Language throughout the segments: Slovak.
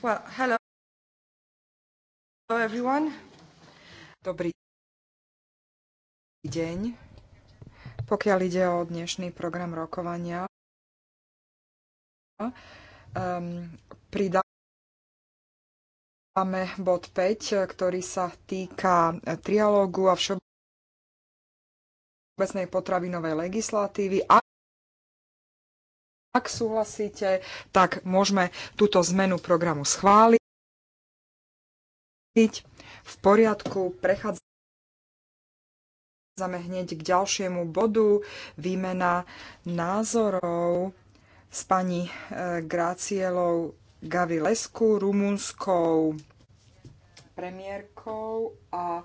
Well, hello. hello everyone. Dobrý deň. Pokiaľ ide o dnešný program rokovania, um, pridáme bod 5, ktorý sa týka trialógu a všeobecnej potravinovej legislatívy. Ak súhlasíte, tak môžeme túto zmenu programu schváliť. V poriadku prechádzame hneď k ďalšiemu bodu. Výmena názorov s pani e, Grácielou Gavilesku, rumunskou premiérkou a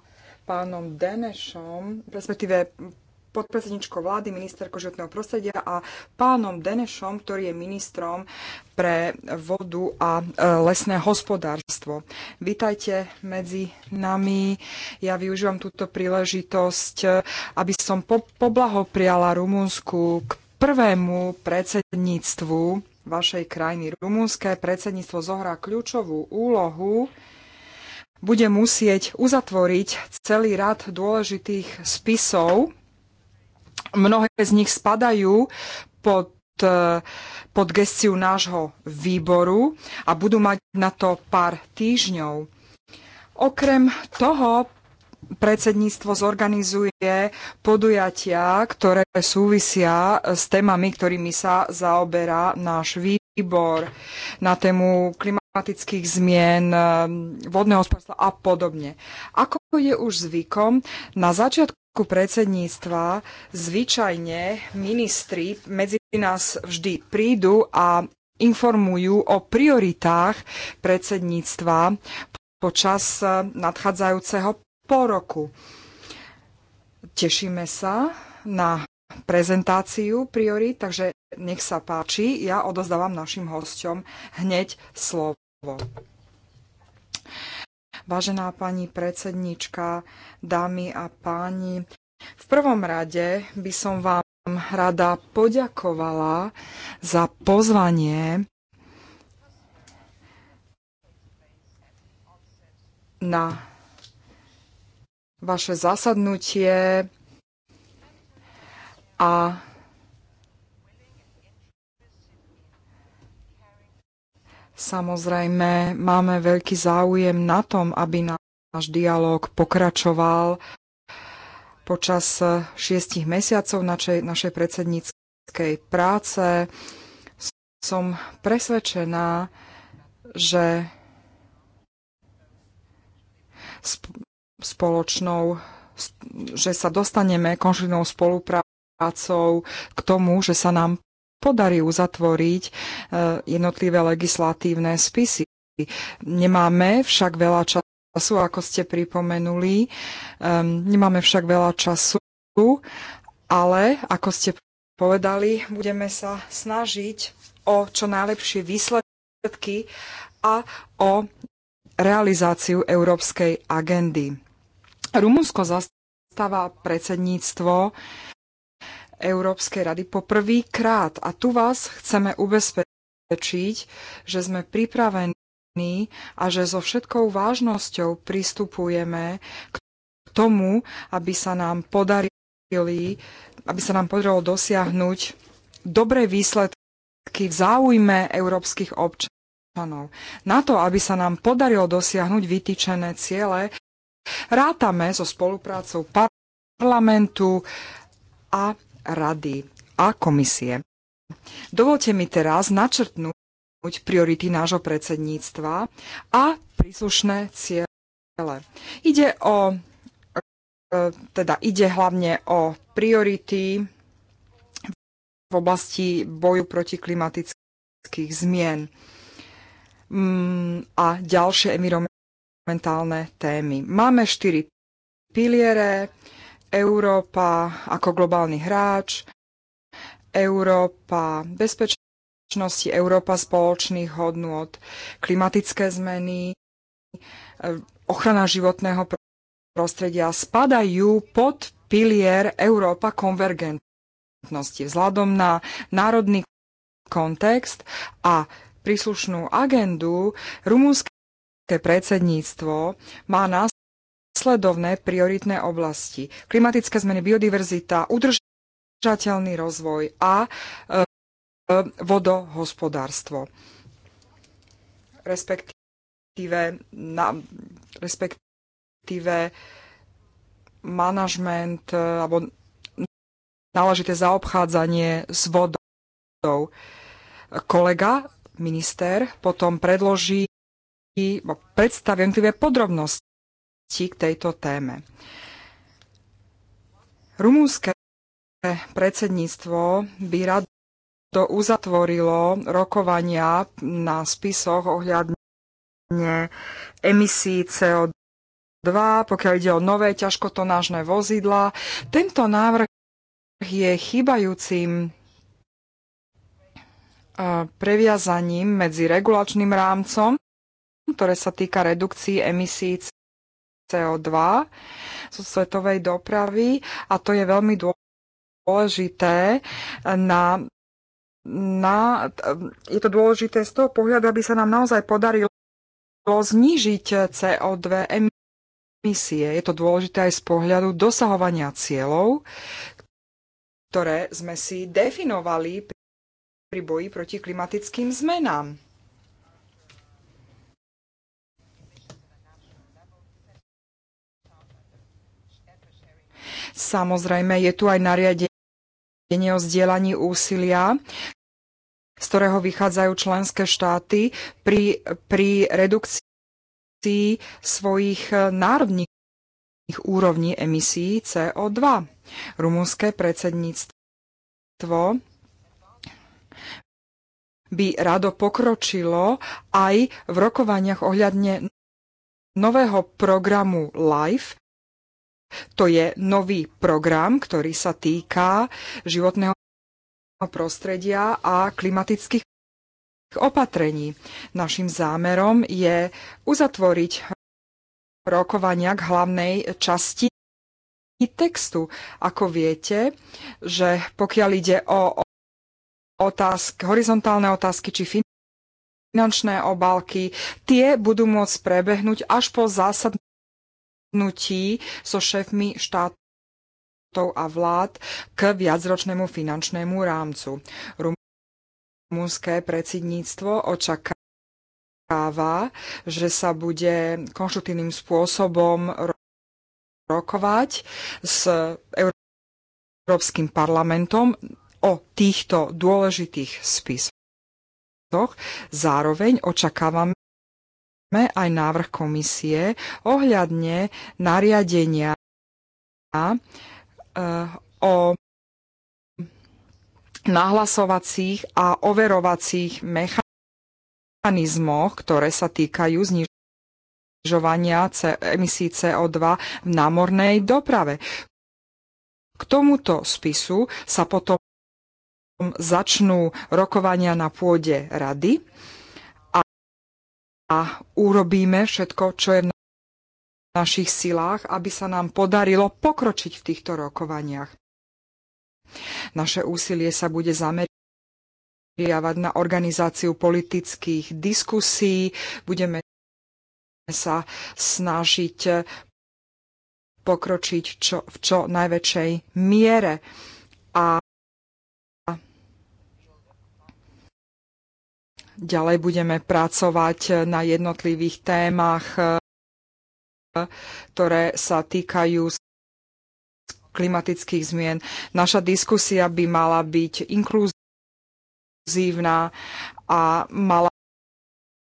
pánom Denešom, respektíve podpredsedničkou vlády, ministerkou životného prostredia a pánom Denešom, ktorý je ministrom pre vodu a e, lesné hospodárstvo. Vítajte medzi nami. Ja využívam túto príležitosť, e, aby som po- poblahopriala Rumunsku k prvému predsedníctvu vašej krajiny. Rumunské predsedníctvo zohrá kľúčovú úlohu bude musieť uzatvoriť celý rad dôležitých spisov Mnohé z nich spadajú pod e, pod gestiu nášho výboru a budú mať na to pár týždňov. Okrem toho predsedníctvo zorganizuje podujatia, ktoré súvisia s témami, ktorými sa zaoberá náš výbor na tému klimatu klimatických zmien, eh, vodného hospodárstva a podobne. Ako je už zvykom, na začiatku predsedníctva zvyčajne ministri medzi nás vždy prídu a informujú o prioritách predsedníctva počas eh, nadchádzajúceho poroku. Tešíme sa na prezentáciu priorit, takže nech sa páči, ja odozdávam našim hosťom hneď slovo slovo. Vážená pani predsednička, dámy a páni, v prvom rade by som vám rada poďakovala za pozvanie na vaše zasadnutie a Samozrejme, máme veľký záujem na tom, aby náš dialog pokračoval počas eh, šiestich mesiacov našej, našej predsedníckej práce. Som presvedčená, že spoločnou, že sa dostaneme konšlinou spoluprácou k tomu, že sa nám podarí uzatvoriť e, jednotlivé legislatívne spisy. Nemáme však veľa času, ako ste pripomenuli, ehm, nemáme však veľa času, ale ako ste povedali, budeme sa snažiť o čo najlepšie výsledky a o realizáciu európskej agendy. Rumunsko zastáva predsedníctvo Európskej rady po prvý krát. A tu vás chceme ubezpečiť, že sme pripravení a že so všetkou vážnosťou pristupujeme k tomu, aby sa nám podarili, aby sa nám podarilo dosiahnuť dobré výsledky v záujme európskych občanov. Na to, aby sa nám podarilo dosiahnuť vytýčené ciele, rátame so spoluprácou parlamentu a rady a komisie. Dovolte mi teraz načrtnúť priority nášho predsedníctva a príslušné ciele. Ide o e, teda ide hlavne o priority v oblasti boju proti klimatických zmien mm, a ďalšie environmentálne témy. Máme štyri piliere, Európa ako globálny hráč, Európa bezpečnosti, Európa spoločných hodnôt, klimatické zmeny, e, ochrana životného prostredia spadajú pod pilier Európa konvergentnosti vzhľadom na národný kontext a príslušnú agendu rumúnske predsedníctvo má nás sledovné prioritné oblasti. Klimatické zmeny, biodiverzita, udržateľný rozvoj a e, vodohospodárstvo. Respektíve, na, respektíve manažment e, alebo náležité zaobchádzanie s vodou. Kolega, minister, potom predloží predstavia jednotlivé podrobnosti k tejto téme. Rumúnske predsedníctvo by rado uzatvorilo rokovania na spisoch ohľadne emisí CO2, pokiaľ ide o nové ťažkotonážne vozidla. Tento návrh je chýbajúcim e, previazaním medzi regulačným rámcom, ktoré sa týka redukcií emisí CO2 zo svetovej dopravy a to je veľmi dôležité na na, je to dôležité z toho pohľadu, aby sa nám naozaj podarilo znížiť CO2 emisie. Je to dôležité aj z pohľadu dosahovania cieľov, ktoré sme si definovali pri boji proti klimatickým zmenám. Samozrejme, je tu aj nariadenie o zdieľaní úsilia, z ktorého vychádzajú členské štáty pri, pri redukcii svojich e, národných úrovní emisí CO2. Rumunské predsedníctvo by rado pokročilo aj v rokovaniach ohľadne nového programu LIFE, to je nový program, ktorý sa týka životného prostredia a klimatických opatrení. Našim zámerom je uzatvoriť rokovania k hlavnej časti textu. Ako viete, že pokiaľ ide o otázky, horizontálne otázky či finančné obálky, tie budú môcť prebehnúť až po zásadnú stretnutí so šéfmi štátov a vlád k viacročnému finančnému rámcu. Rumunské predsedníctvo očakáva, že sa bude konštruktívnym spôsobom rokovať s Európskym parlamentom o týchto dôležitých spisoch. Zároveň očakávame, sme aj návrh komisie ohľadne nariadenia eh, o nahlasovacích a overovacích mechanizmoch, ktoré sa týkajú znižovania emisí CO2 v námornej doprave. K tomuto spisu sa potom začnú rokovania na pôde rady a urobíme všetko, čo je v našich silách, aby sa nám podarilo pokročiť v týchto rokovaniach. Naše úsilie sa bude zameriavať na organizáciu politických diskusí, budeme sa snažiť pokročiť čo, v čo najväčšej miere. A Ďalej budeme pracovať na jednotlivých témach, ktoré sa týkajú klimatických zmien. Naša diskusia by mala byť inkluzívna a mala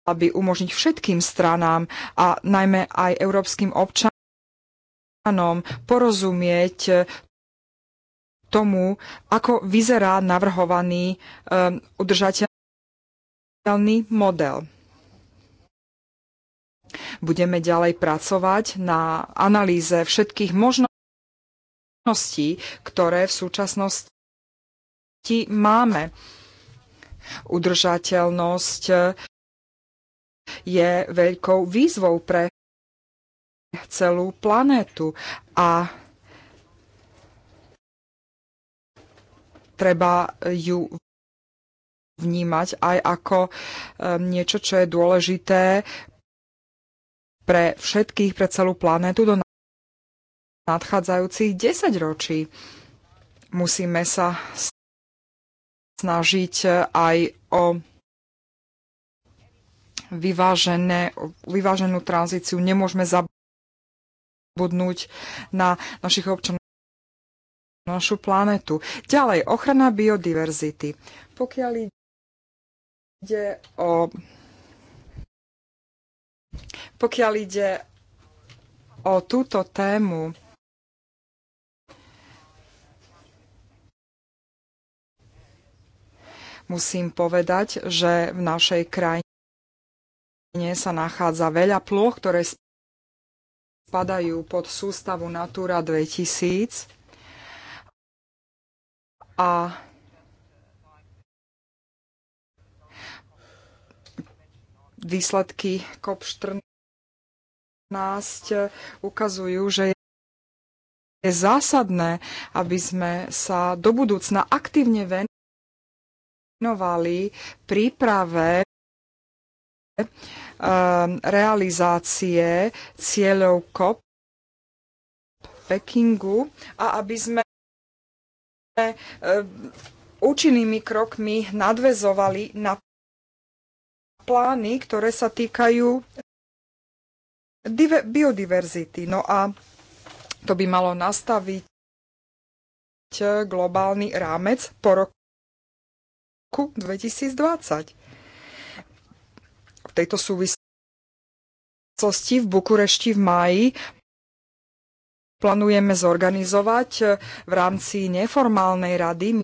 by umožniť všetkým stranám a najmä aj európskym občanom porozumieť tomu, ako vyzerá navrhovaný um, sociálny model. Budeme ďalej pracovať na analýze všetkých možností, ktoré v súčasnosti máme. Udržateľnosť je veľkou výzvou pre celú planétu a treba ju vnímať aj ako um, niečo, čo je dôležité pre všetkých, pre celú planetu do nadchádzajúcich 10 ročí. Musíme sa snažiť aj o vyvážené, vyváženú tranzíciu. Nemôžeme zabudnúť na našich občanov našu planetu. Ďalej, ochrana biodiverzity. Pokiaľ ide o pokiaľ ide o túto tému, musím povedať, že v našej krajine sa nachádza veľa ploch, ktoré spadajú pod sústavu Natura 2000 a výsledky COP14 ukazujú, že je zásadné, aby sme sa do budúcna aktívne venovali príprave eh, realizácie cieľov COP Pekingu a aby sme eh, účinnými krokmi nadvezovali na plány, ktoré sa týkajú biodiverzity. No a to by malo nastaviť globálny rámec po roku 2020. V tejto súvislosti v Bukurešti v máji plánujeme zorganizovať v rámci neformálnej rady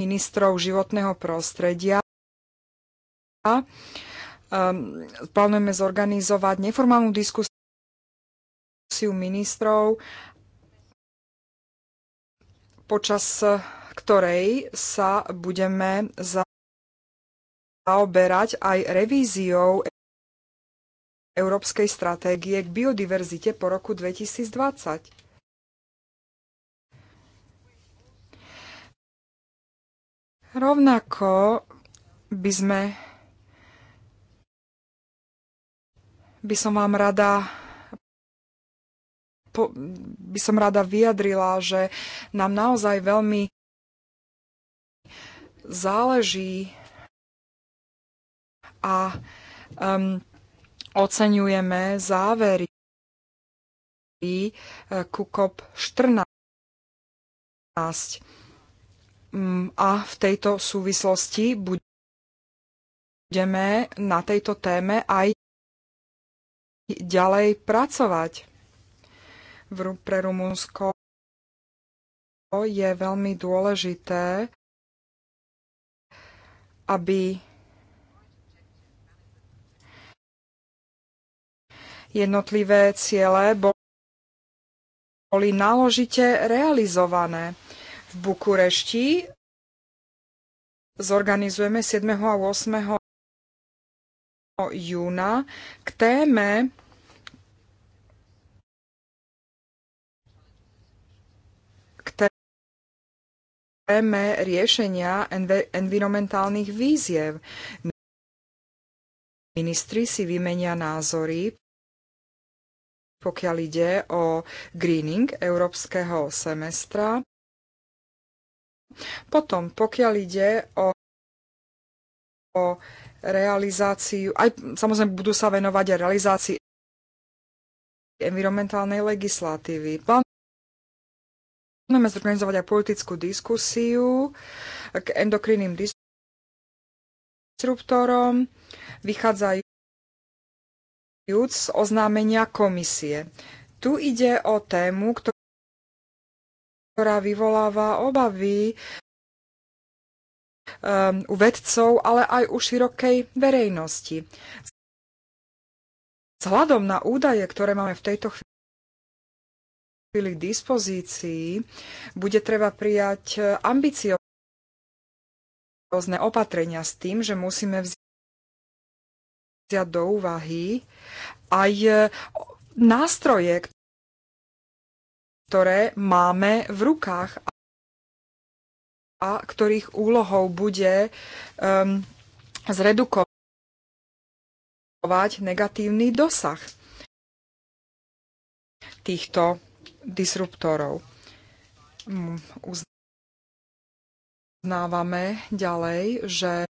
ministrov životného prostredia a um, plánujeme zorganizovať neformálnu diskusiu ministrov, počas ktorej sa budeme zaoberať aj revíziou Európskej stratégie k biodiverzite po roku 2020. Rovnako by sme by som vám rada by som rada vyjadrila, že nám naozaj veľmi záleží a um, oceňujeme závery cop e, 14. Mm, a v tejto súvislosti budeme na tejto téme aj ďalej pracovať. Pre Rumunsko je veľmi dôležité, aby jednotlivé ciele boli náložite realizované. V Bukurešti zorganizujeme 7. a 8 júna k téme k téme riešenia environmentálnych výziev, Ministri si vymenia názory, pokiaľ ide o greening európskeho semestra. Potom, pokiaľ ide o, o realizáciu, aj samozrejme budú sa venovať aj realizácii environmentálnej legislatívy. Plánujeme zorganizovať aj politickú diskusiu k endokrinným disruptorom, vychádzajúc z oznámenia komisie. Tu ide o tému, ktorá vyvoláva obavy Um, u vedcov, ale aj u širokej verejnosti. Vzhľadom na údaje, ktoré máme v tejto chvíli k dispozícii, bude treba prijať eh, ambiciozne opatrenia s tým, že musíme vziať do úvahy aj eh, nástroje, ktoré máme v rukách a ktorých úlohou bude um, zredukovať negatívny dosah týchto disruptorov. Mm, uznávame ďalej, že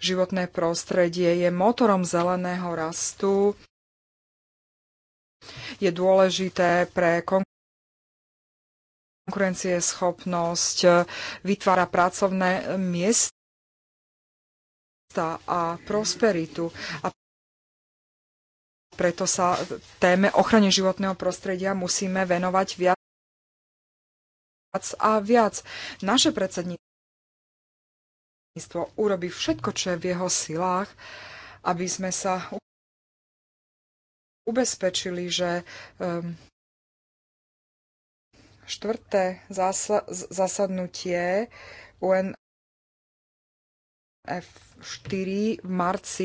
životné prostredie je motorom zeleného rastu, je dôležité pre konkurencieschopnosť, eh, vytvára pracovné miesta a prosperitu. A preto sa téme ochrany životného prostredia musíme venovať viac a viac. Naše predsedníctvo urobí všetko, čo je v jeho silách, aby sme sa ubezpečili, že um, štvrté zasa- zasadnutie UNF4 v marci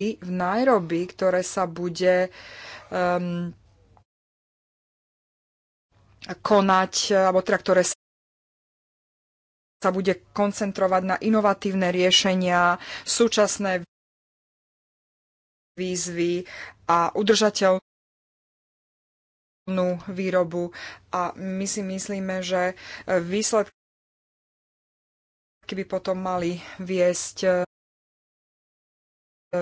v Nairobi, ktoré sa bude um, konať, alebo teda ktoré sa sa bude koncentrovať na inovatívne riešenia, súčasné výzvy a udržateľnú lokálnu výrobu a my si myslíme, že e, výsledky by potom mali viesť e,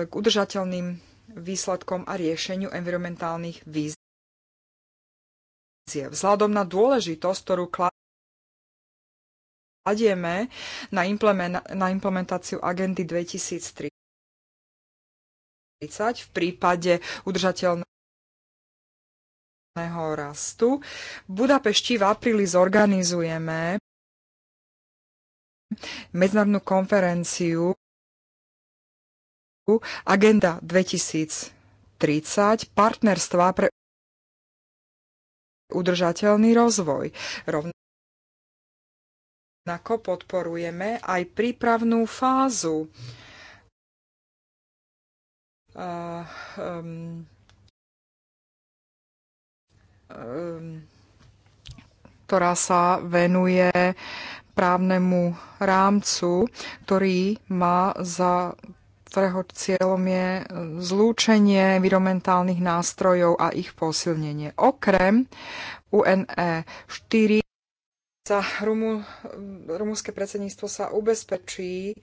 k udržateľným výsledkom a riešeniu environmentálnych výziev. Vzhľadom na dôležitosť, ktorú kladieme na, implementáciu agendy 2030 v prípade udržateľnej rastu. V Budapešti v apríli zorganizujeme medzinárodnú konferenciu Agenda 2030 partnerstva pre udržateľný rozvoj. Rovnako podporujeme aj prípravnú fázu uh, um, Ehm, ktorá sa venuje právnemu rámcu, ktorý má za ktorého cieľom je zlúčenie environmentálnych nástrojov a ich posilnenie. Okrem UNE 4 sa Rumu, rumúnske predsedníctvo sa ubezpečí,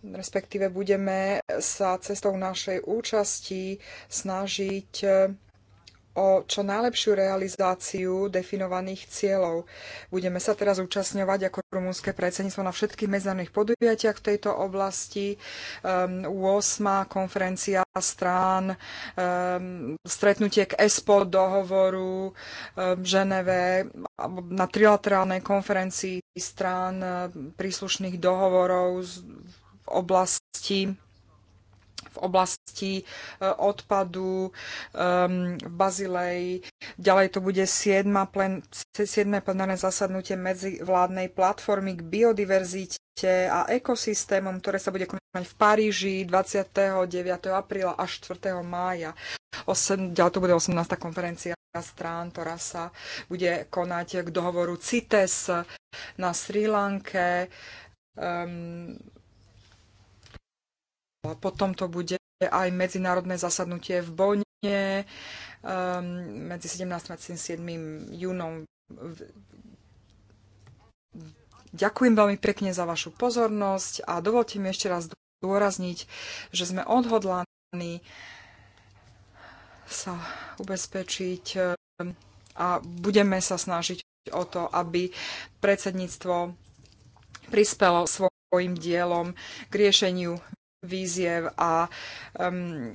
respektíve budeme sa cestou našej účasti snažiť o čo najlepšiu realizáciu definovaných cieľov. Budeme sa teraz účastňovať ako rumúnske predsedníctvo na všetkých medzinárodných podujatiach v tejto oblasti. Um, ehm, 8. konferencia strán, um, stretnutie k ESPO dohovoru um, v Ženeve, na trilaterálnej konferencii strán príslušných dohovorov z, v oblasti v oblasti e, odpadu v Bazileji. Ďalej to bude 7. plenárne zasadnutie medzivládnej platformy k biodiverzite a ekosystémom, ktoré sa bude konať v Paríži 29. apríla až 4. mája. ďalej to bude 18. konferencia strán, ktorá sa bude konať k dohovoru CITES na Sri Lanke. Um, potom to bude aj medzinárodné zasadnutie v Bonne um, medzi 17. a 27. júnom. Ďakujem veľmi pekne za vašu pozornosť a dovolte mi ešte raz dôrazniť, že sme odhodlaní sa ubezpečiť um, a budeme sa snažiť o to, aby predsedníctvo prispelo svojim dielom k riešeniu výziev a um,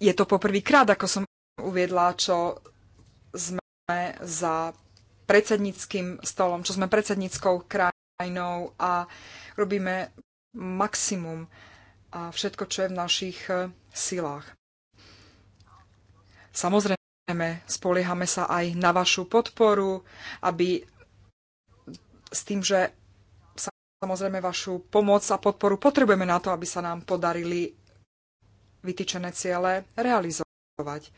je to poprvýkrát, ako som uviedla, čo sme za predsedníckým stolom, čo sme predsedníckou krajinou a robíme maximum a všetko, čo je v našich eh, silách. Samozrejme, spoliehame sa aj na vašu podporu, aby s tým, že Samozrejme, vašu pomoc a podporu potrebujeme na to, aby sa nám podarili vytýčené ciele realizovať.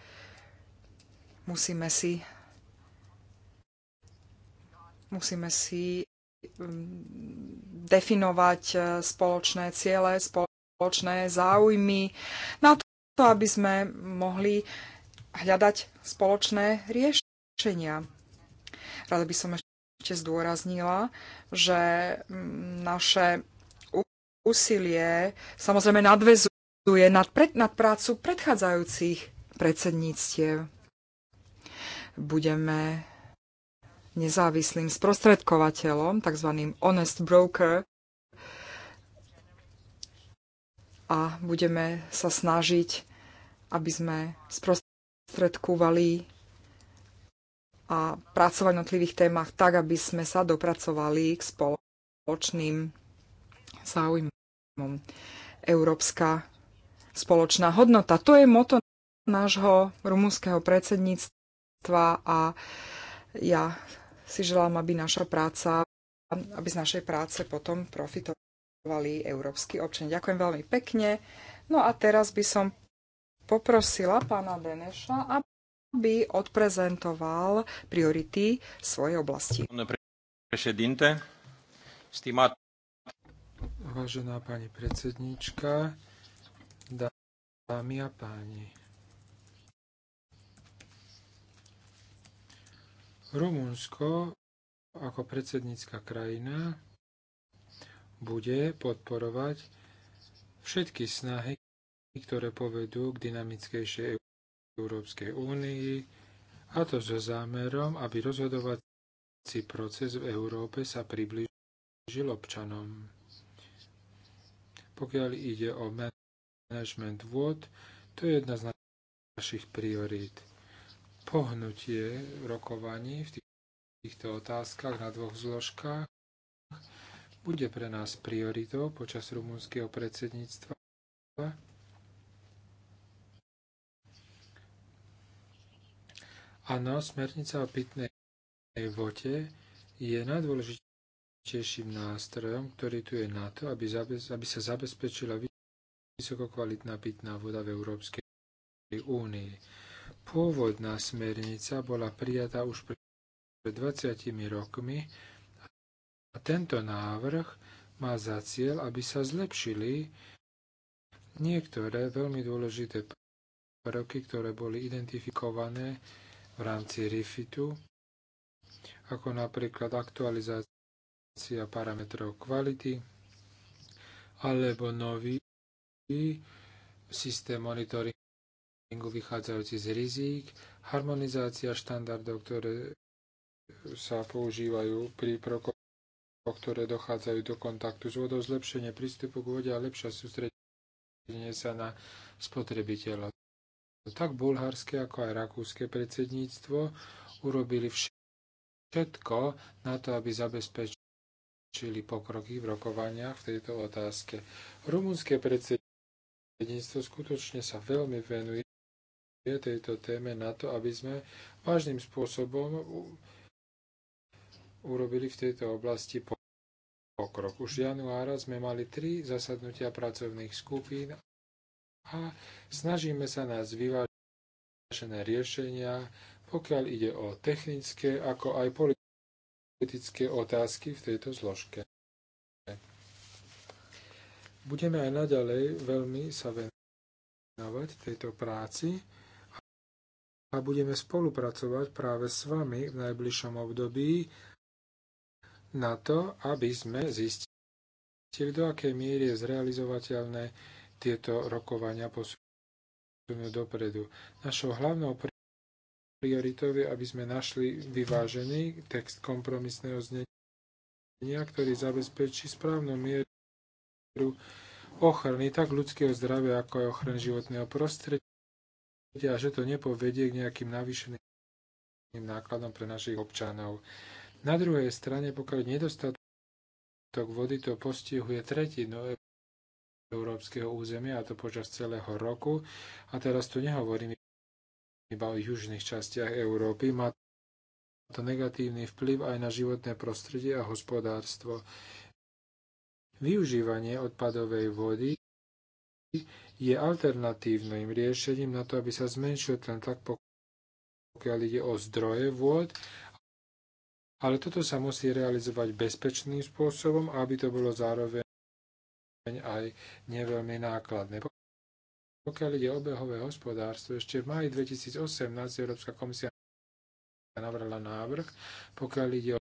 Musíme si musíme si mm, definovať e, spoločné ciele, spoločné záujmy na to, aby sme mohli hľadať spoločné riešenia. Rada by som ešte ešte zdôraznila, že mm, naše úsilie samozrejme nadvezuje nad, pred, nad prácu predchádzajúcich predsedníctiev. Budeme nezávislým sprostredkovateľom, tzv. honest broker, a budeme sa snažiť, aby sme sprostredkovali a pracovať na tlivých témach tak, aby sme sa dopracovali k spoločným záujmom. Európska spoločná hodnota. To je moto nášho rumúnskeho predsedníctva a ja si želám, aby naša práca, aby z našej práce potom profitovali európsky občania. Ďakujem veľmi pekne. No a teraz by som poprosila pána Beneša, aby odprezentoval priority svojej oblasti. Vážená pani predsednička, dámy a páni. Rumunsko ako predsednícka krajina bude podporovať všetky snahy, ktoré povedú k dynamickejšej Európskej únii a to so zámerom, aby rozhodovací proces v Európe sa približil občanom. Pokiaľ ide o management vôd, to je jedna z našich priorít. Pohnutie rokovaní v týchto otázkach na dvoch zložkách bude pre nás prioritou počas rumúnskeho predsedníctva Áno, smernica o pitnej vode je najdôležitejším nástrojom, ktorý tu je na to, aby, zabez, aby sa zabezpečila vysokokvalitná pitná voda v Európskej únii. Pôvodná smernica bola prijatá už pred 20 rokmi a tento návrh má za cieľ, aby sa zlepšili niektoré veľmi dôležité prvky, ktoré boli identifikované v rámci RIFITu, ako napríklad aktualizácia parametrov kvality alebo nový systém monitoringu vychádzajúci z rizík, harmonizácia štandardov, ktoré sa používajú pri prokope ktoré dochádzajú do kontaktu s vodou, zlepšenie prístupu k vode a lepšie sústredenie sa na spotrebiteľa tak bulharské ako aj rakúske predsedníctvo urobili všetko na to, aby zabezpečili pokroky v rokovaniach v tejto otázke. Rumunské predsedníctvo skutočne sa veľmi venuje tejto téme na to, aby sme vážnym spôsobom urobili v tejto oblasti pokrok. Už januára sme mali tri zasadnutia pracovných skupín a snažíme sa nás vyvážené riešenia, pokiaľ ide o technické ako aj politické otázky v tejto zložke. Budeme aj naďalej veľmi sa venovať tejto práci a budeme spolupracovať práve s vami v najbližšom období na to, aby sme zistili, do akej miery je zrealizovateľné tieto rokovania posunú dopredu. Našou hlavnou prioritou je, aby sme našli vyvážený text kompromisného znenia, ktorý zabezpečí správnu mieru ochrany tak ľudského zdravia, ako aj ochrany životného prostredia a že to nepovedie k nejakým navýšeným nákladom pre našich občanov. Na druhej strane, pokiaľ nedostatok vody to postihuje tretinu európskeho územia, a to počas celého roku. A teraz tu nehovorím iba o južných častiach Európy. Má to negatívny vplyv aj na životné prostredie a hospodárstvo. Využívanie odpadovej vody je alternatívnym riešením na to, aby sa zmenšil ten tak, pokiaľ ide o zdroje vôd, ale toto sa musí realizovať bezpečným spôsobom, aby to bolo zároveň aj neveľmi nákladné. Pokiaľ ide o obehové hospodárstvo, ešte v maji 2018 Európska komisia navrhla návrh, pokiaľ ide o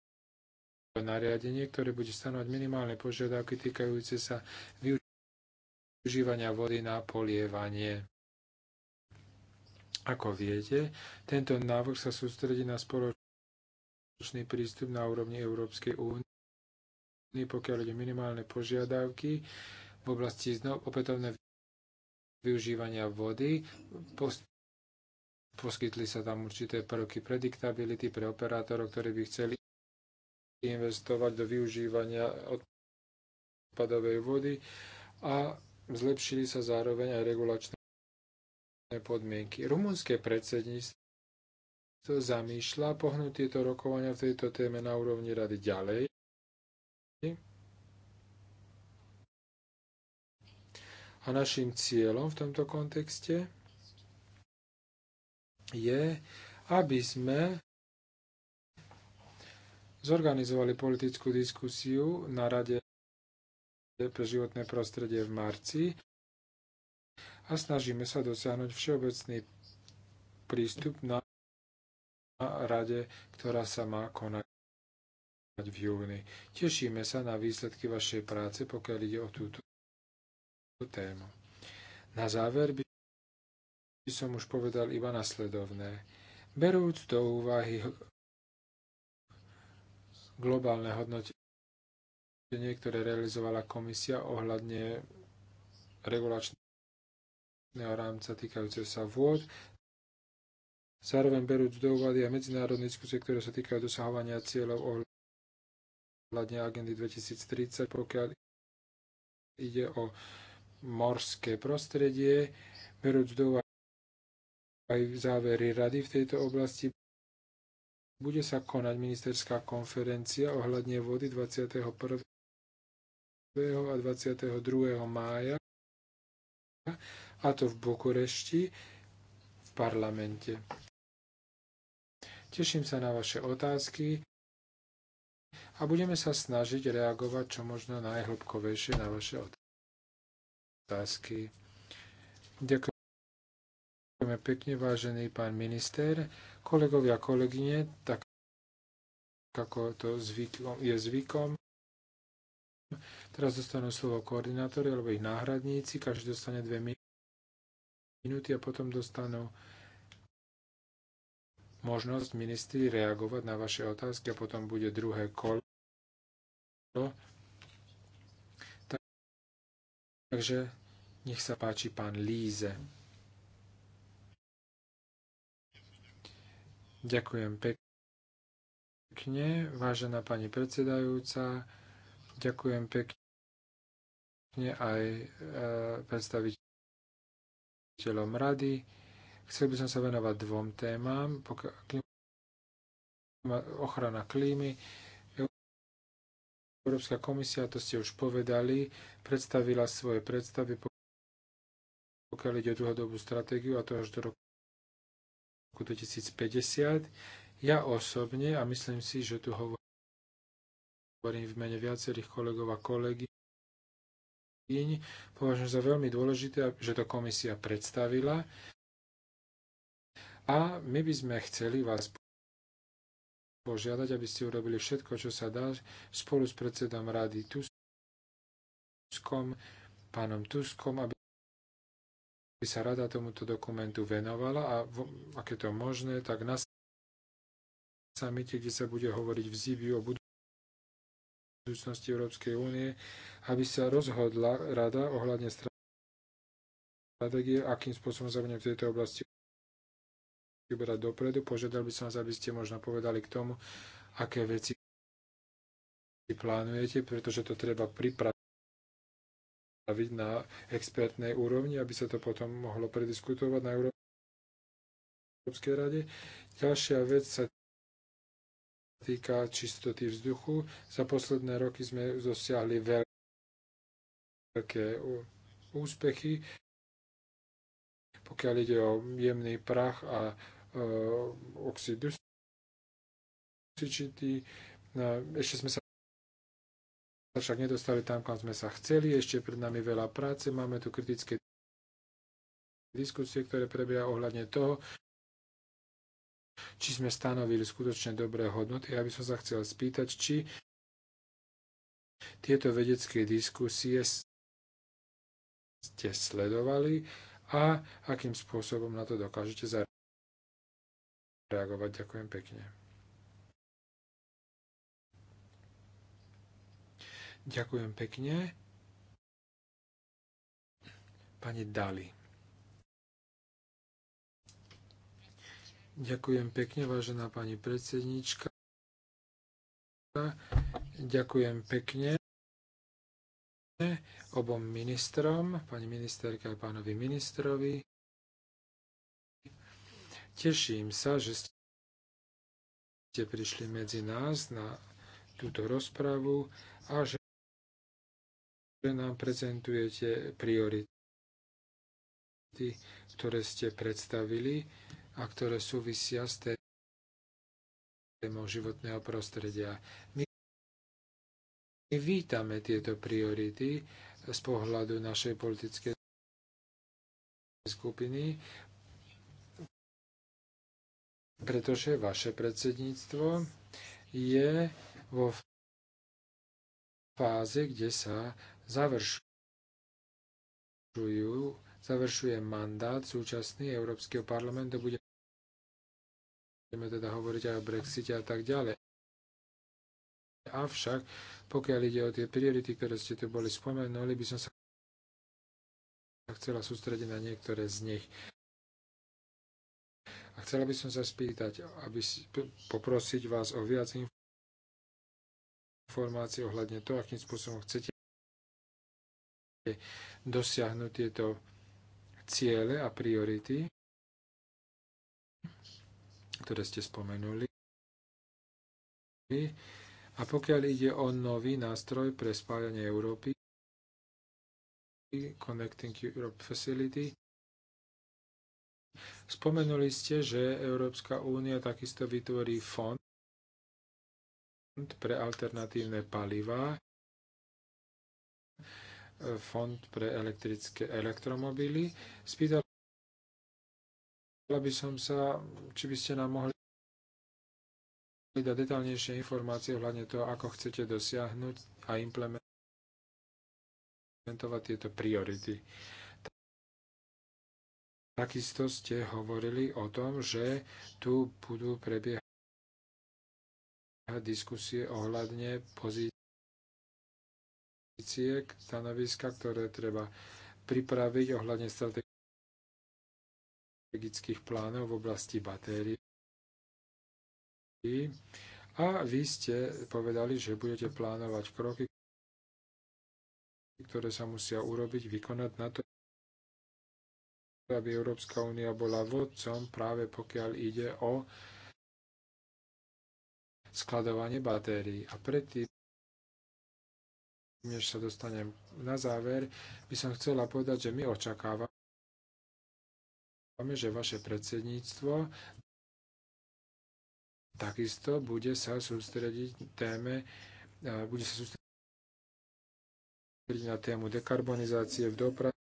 nariadenie, ktoré bude stanovať minimálne požiadavky týkajúce sa využívania vody na polievanie. Ako viete, tento návrh sa sústredí na spoločný prístup na úrovni Európskej únie pokiaľ ide minimálne požiadavky v oblasti opätovné využívania vody. Poskytli sa tam určité prvky prediktability pre operátorov, ktorí by chceli investovať do využívania odpadovej vody a zlepšili sa zároveň aj regulačné podmienky. Rumunské predsedníctvo zamýšľa pohnúť tieto rokovania v tejto téme na úrovni rady ďalej A našim cieľom v tomto kontexte je, aby sme zorganizovali politickú diskusiu na Rade pre životné prostredie v marci a snažíme sa dosiahnuť všeobecný prístup na rade, ktorá sa má konať v júni. Tešíme sa na výsledky vašej práce, pokiaľ ide o túto tému. Na záver by som už povedal iba nasledovné. Berúc do úvahy globálne hodnotenie, ktoré realizovala komisia ohľadne regulačného rámca týkajúceho sa vôd, zároveň berúc do úvahy aj medzinárodné diskusie, ktoré sa týkajú dosahovania cieľov ohľadne agendy 2030, pokiaľ ide o morské prostredie, berúc do aj závery rady v tejto oblasti, bude sa konať ministerská konferencia ohľadne vody 21. a 22. mája, a to v Bukurešti v parlamente. Teším sa na vaše otázky a budeme sa snažiť reagovať čo možno najhlbkovejšie na vaše otázky otázky. Ďakujeme pekne, vážený pán minister. Kolegovia, kolegyne, tak ako to zvykom, je zvykom, Teraz dostanú slovo koordinátori alebo ich náhradníci, každý dostane dve minúty a potom dostanú možnosť ministri reagovať na vaše otázky a potom bude druhé kolo. Takže nech sa páči pán Líze. Ďakujem pekne, vážená pani predsedajúca. Ďakujem pekne aj e, predstaviteľom rady. Chcel by som sa venovať dvom témam. Ochrana klímy. Európska komisia, to ste už povedali, predstavila svoje predstavy, pokiaľ ide o dlhodobú stratégiu, a to až do roku 2050. Ja osobne, a myslím si, že tu hovorím v mene viacerých kolegov a kolegy, považujem za veľmi dôležité, že to komisia predstavila. A my by sme chceli vás požiadať, aby ste urobili všetko, čo sa dá spolu s predsedom rady Tuskom, pánom Tuskom, aby by sa rada tomuto dokumentu venovala a ak je to možné, tak na samite, kde sa bude hovoriť v Zibiu o budúcnosti Európskej únie, aby sa rozhodla rada ohľadne stratégie, akým spôsobom sa v tejto oblasti vyberať dopredu. Požiadal by som vás, aby ste možno povedali k tomu, aké veci plánujete, pretože to treba pripraviť spraviť na expertnej úrovni, aby sa to potom mohlo prediskutovať na Európskej rade. Ďalšia vec sa týka čistoty vzduchu. Za posledné roky sme dosiahli veľké úspechy, pokiaľ ide o jemný prach a e, oxid dusičitý. No, ešte sme sa však nedostali tam, kam sme sa chceli. Ešte pred nami veľa práce. Máme tu kritické diskusie, ktoré prebieha ohľadne toho, či sme stanovili skutočne dobré hodnoty. Ja by som sa chcel spýtať, či tieto vedecké diskusie ste sledovali a akým spôsobom na to dokážete zareagovať. Ďakujem pekne. Ďakujem pekne. Pani Dali. Ďakujem pekne, vážená pani predsednička. Ďakujem pekne obom ministrom, pani ministerke a pánovi ministrovi. Teším sa, že ste prišli medzi nás na túto rozpravu a že že nám prezentujete priority, ktoré ste predstavili a ktoré súvisia s témou životného prostredia. My vítame tieto priority z pohľadu našej politickej skupiny, pretože vaše predsedníctvo je vo fáze, kde sa završujú, završuje mandát súčasný Európskeho parlamentu. Budeme teda hovoriť aj o Brexite a tak ďalej. Avšak, pokiaľ ide o tie priority, ktoré ste tu boli spomenuli, by som sa chcela sústrediť na niektoré z nich. A chcela by som sa spýtať, aby poprosiť vás o viac informácií ohľadne toho, akým spôsobom chcete dosiahnuť tieto ciele a priority, ktoré ste spomenuli. A pokiaľ ide o nový nástroj pre spájanie Európy, Connecting Europe Facility, spomenuli ste, že Európska únia takisto vytvorí fond pre alternatívne palivá, fond pre elektrické elektromobily. Spýtala by som sa, či by ste nám mohli dať detálnejšie informácie hľadne toho, ako chcete dosiahnuť a implementovať tieto priority. Takisto ste hovorili o tom, že tu budú prebiehať diskusie ohľadne pozície pozície, stanoviska, ktoré treba pripraviť ohľadne strategických plánov v oblasti batérií. A vy ste povedali, že budete plánovať kroky, ktoré sa musia urobiť, vykonať na to, aby Európska únia bola vodcom práve pokiaľ ide o skladovanie batérií. A predtým než sa dostanem na záver, by som chcela povedať, že my očakávame, že vaše predsedníctvo takisto bude sa sústrediť téme, bude sa sústrediť na tému dekarbonizácie v doprave,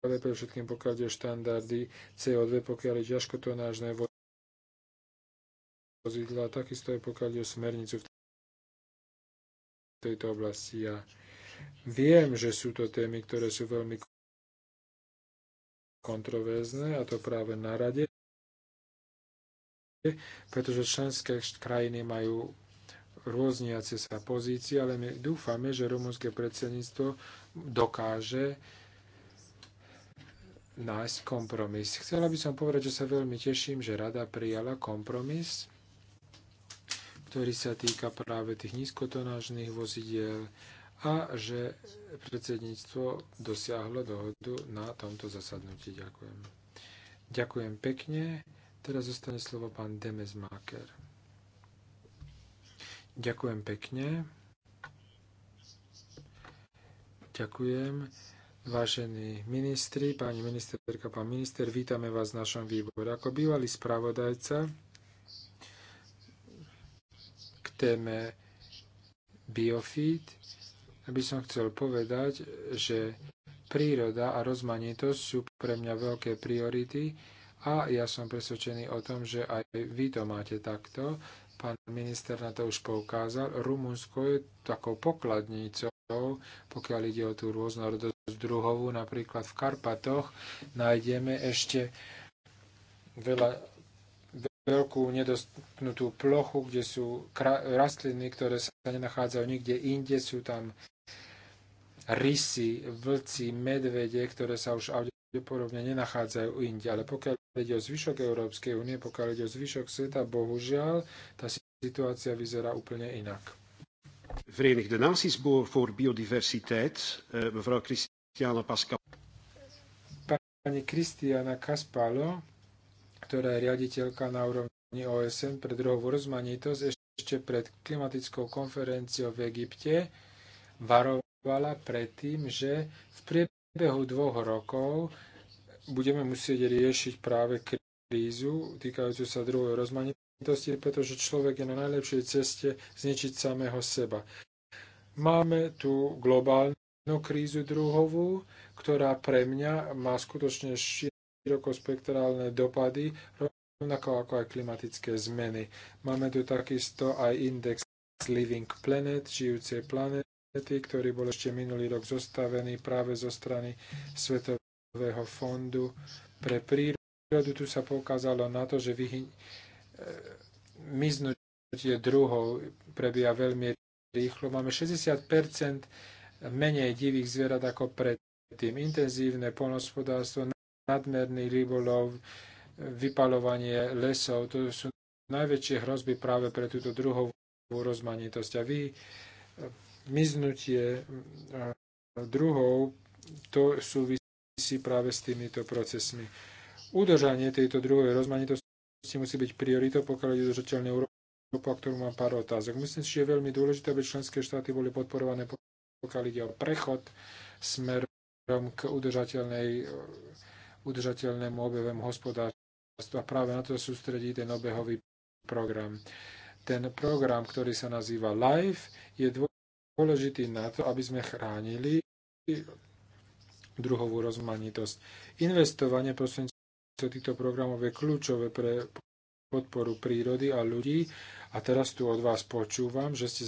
pre všetkým pokladie štandardy CO2, pokiaľ je ťažkotonážne vozidla, takisto aj pokiaľ o smernicu v tejto oblasti. Ja viem, že sú to témy, ktoré sú veľmi kontroverzné, a to práve na rade, pretože členské krajiny majú rôzniace sa pozície, ale my dúfame, že rumunské predsedníctvo dokáže nájsť kompromis. Chcela by som povedať, že sa veľmi teším, že rada prijala kompromis, ktorý sa týka práve tých nízkotonážnych vozidiel a že predsedníctvo dosiahlo dohodu na tomto zasadnutí. Ďakujem. Ďakujem pekne. Teraz zostane slovo pán Demesmaker. Ďakujem pekne. Ďakujem. Vážení ministri, pani ministerka, pán minister, vítame vás v našom výbore. Ako bývalý spravodajca téme biofit, aby som chcel povedať, že príroda a rozmanitosť sú pre mňa veľké priority a ja som presvedčený o tom, že aj vy to máte takto. Pán minister na to už poukázal. Rumunsko je takou pokladnicou, pokiaľ ide o tú rôznorodosť druhovú. Napríklad v Karpatoch nájdeme ešte veľa veľkú nedostupnutú plochu, kde sú rastliny, ktoré sa nenachádzajú nikde inde, sú tam rysy, vlci, medvede, ktoré sa už pravdepodobne nenachádzajú inde. Ale pokiaľ ide o zvyšok Európskej únie, pokiaľ ide o zvyšok sveta, bohužiaľ, tá situácia vyzerá úplne inak. Verenigde Naties Boer voor Biodiversiteit, eh, mevrouw Christiana Pascal. Pani Christiana Kaspalo, ktorá je riaditeľka na úrovni OSN pre druhovú rozmanitosť ešte pred klimatickou konferenciou v Egypte, varovala pred tým, že v priebehu dvoch rokov budeme musieť riešiť práve krízu týkajúcu sa druhovej rozmanitosti, pretože človek je na najlepšej ceste zničiť samého seba. Máme tu globálnu krízu druhovú, ktorá pre mňa má skutočne širokospektrálne dopady, rovnako ako aj klimatické zmeny. Máme tu takisto aj index Living Planet, žijúcej planety, ktorý bol ešte minulý rok zostavený práve zo strany Svetového fondu pre prírodu. Tu sa poukázalo na to, že vyhyn... E, miznutie druhov prebieha veľmi rýchlo. Máme 60 menej divých zvierat ako predtým. Intenzívne polnospodárstvo nadmerný rybolov, vypalovanie lesov. To sú najväčšie hrozby práve pre túto druhovú rozmanitosť. A vy, miznutie druhov, to súvisí práve s týmito procesmi. Udržanie tejto druhovej rozmanitosti musí byť prioritou, pokiaľ je udržateľný Európa, ktorú mám pár otázok. Myslím si, že je veľmi dôležité, aby členské štáty boli podporované, pokiaľ ide o prechod smerom k udržateľnej udržateľnému obehovému hospodárstva. Práve na to sústredí ten obehový program. Ten program, ktorý sa nazýva LIFE, je dôležitý na to, aby sme chránili druhovú rozmanitosť. Investovanie prostredníctvom týchto programov je kľúčové pre podporu prírody a ľudí. A teraz tu od vás počúvam, že ste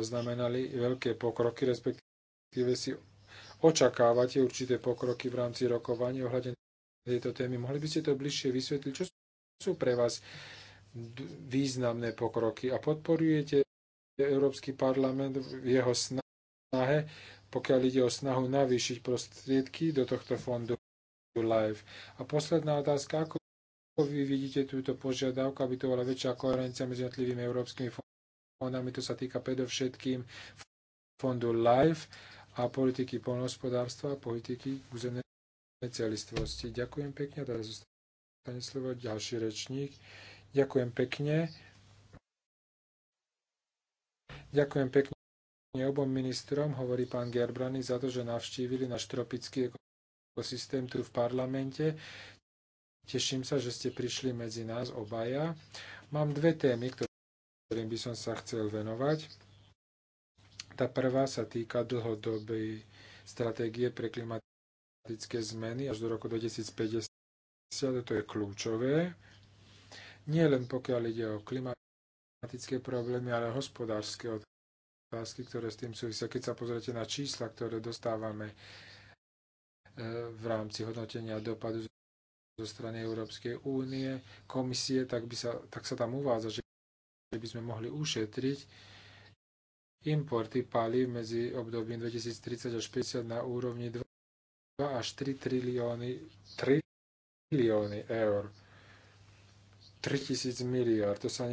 zaznamenali veľké pokroky, respektíve si očakávate určité pokroky v rámci rokovania ohľadne tejto témy. Mohli by ste to bližšie vysvetliť, čo sú pre vás významné pokroky a podporujete Európsky parlament v jeho snahe, pokiaľ ide o snahu navýšiť prostriedky do tohto fondu LIFE. A posledná otázka, ako vy vidíte túto požiadavku, aby to bola väčšia koherencia medzi jednotlivými európskymi fondami, to sa týka predovšetkým fondu LIFE a politiky polnohospodárstva a politiky územnej celistvosti. Ďakujem pekne, teraz zostane slovo ďalší rečník. Ďakujem pekne. Ďakujem pekne obom ministrom, hovorí pán Gerbrany, za to, že navštívili náš tropický ekosystém tu v parlamente. Teším sa, že ste prišli medzi nás obaja. Mám dve témy, ktorým by som sa chcel venovať. Tá prvá sa týka dlhodobej stratégie pre klimatické klimatické zmeny až do roku 2050, to je kľúčové. Nie len pokiaľ ide o klimatické problémy, ale hospodárske otázky, ktoré s tým súvisia. Keď sa pozriete na čísla, ktoré dostávame eh, v rámci hodnotenia dopadu zo strany Európskej únie, komisie, tak, by sa, tak sa tam uvádza, že by sme mohli ušetriť importy palív medzi obdobím 2030 až 50 na úrovni 2 2 až 3 trilióny, trilióny eur. 3 tisíc miliard. To sa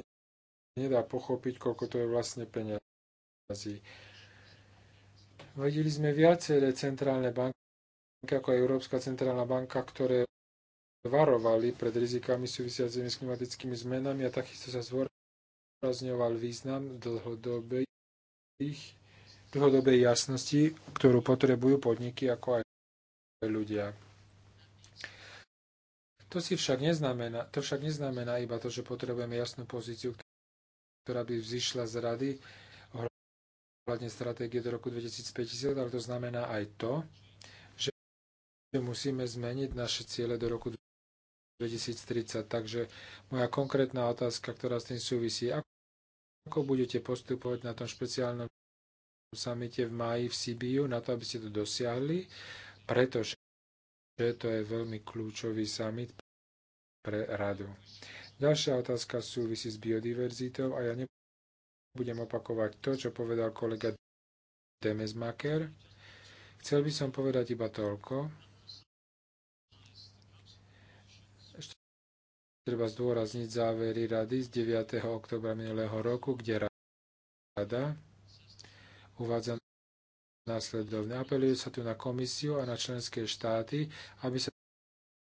nedá pochopiť, koľko to je vlastne peniazí. Vedeli sme viaceré centrálne banky, ako aj Európska centrálna banka, ktoré varovali pred rizikami súvisiacimi s klimatickými zmenami a takisto sa zvorazňoval význam dlhodobej dlhodobej jasnosti, ktorú potrebujú podniky ako aj ľudia. To, si však neznamená, to však neznamená iba to, že potrebujeme jasnú pozíciu, ktorá by vzýšla z rady ohľadne stratégie do roku 2050, ale to znamená aj to, že musíme zmeniť naše ciele do roku 2030. Takže moja konkrétna otázka, ktorá s tým súvisí, ako budete postupovať na tom špeciálnom samite v maji v Sibiu na to, aby ste to dosiahli? pretože to je veľmi kľúčový summit pre radu. Ďalšia otázka súvisí s biodiverzitou a ja nebudem opakovať to, čo povedal kolega Demesmaker. Chcel by som povedať iba toľko. Ešte treba zdôrazniť závery rady z 9. oktobra minulého roku, kde rada uvádza následovne. Apeluje sa tu na komisiu a na členské štáty, aby sa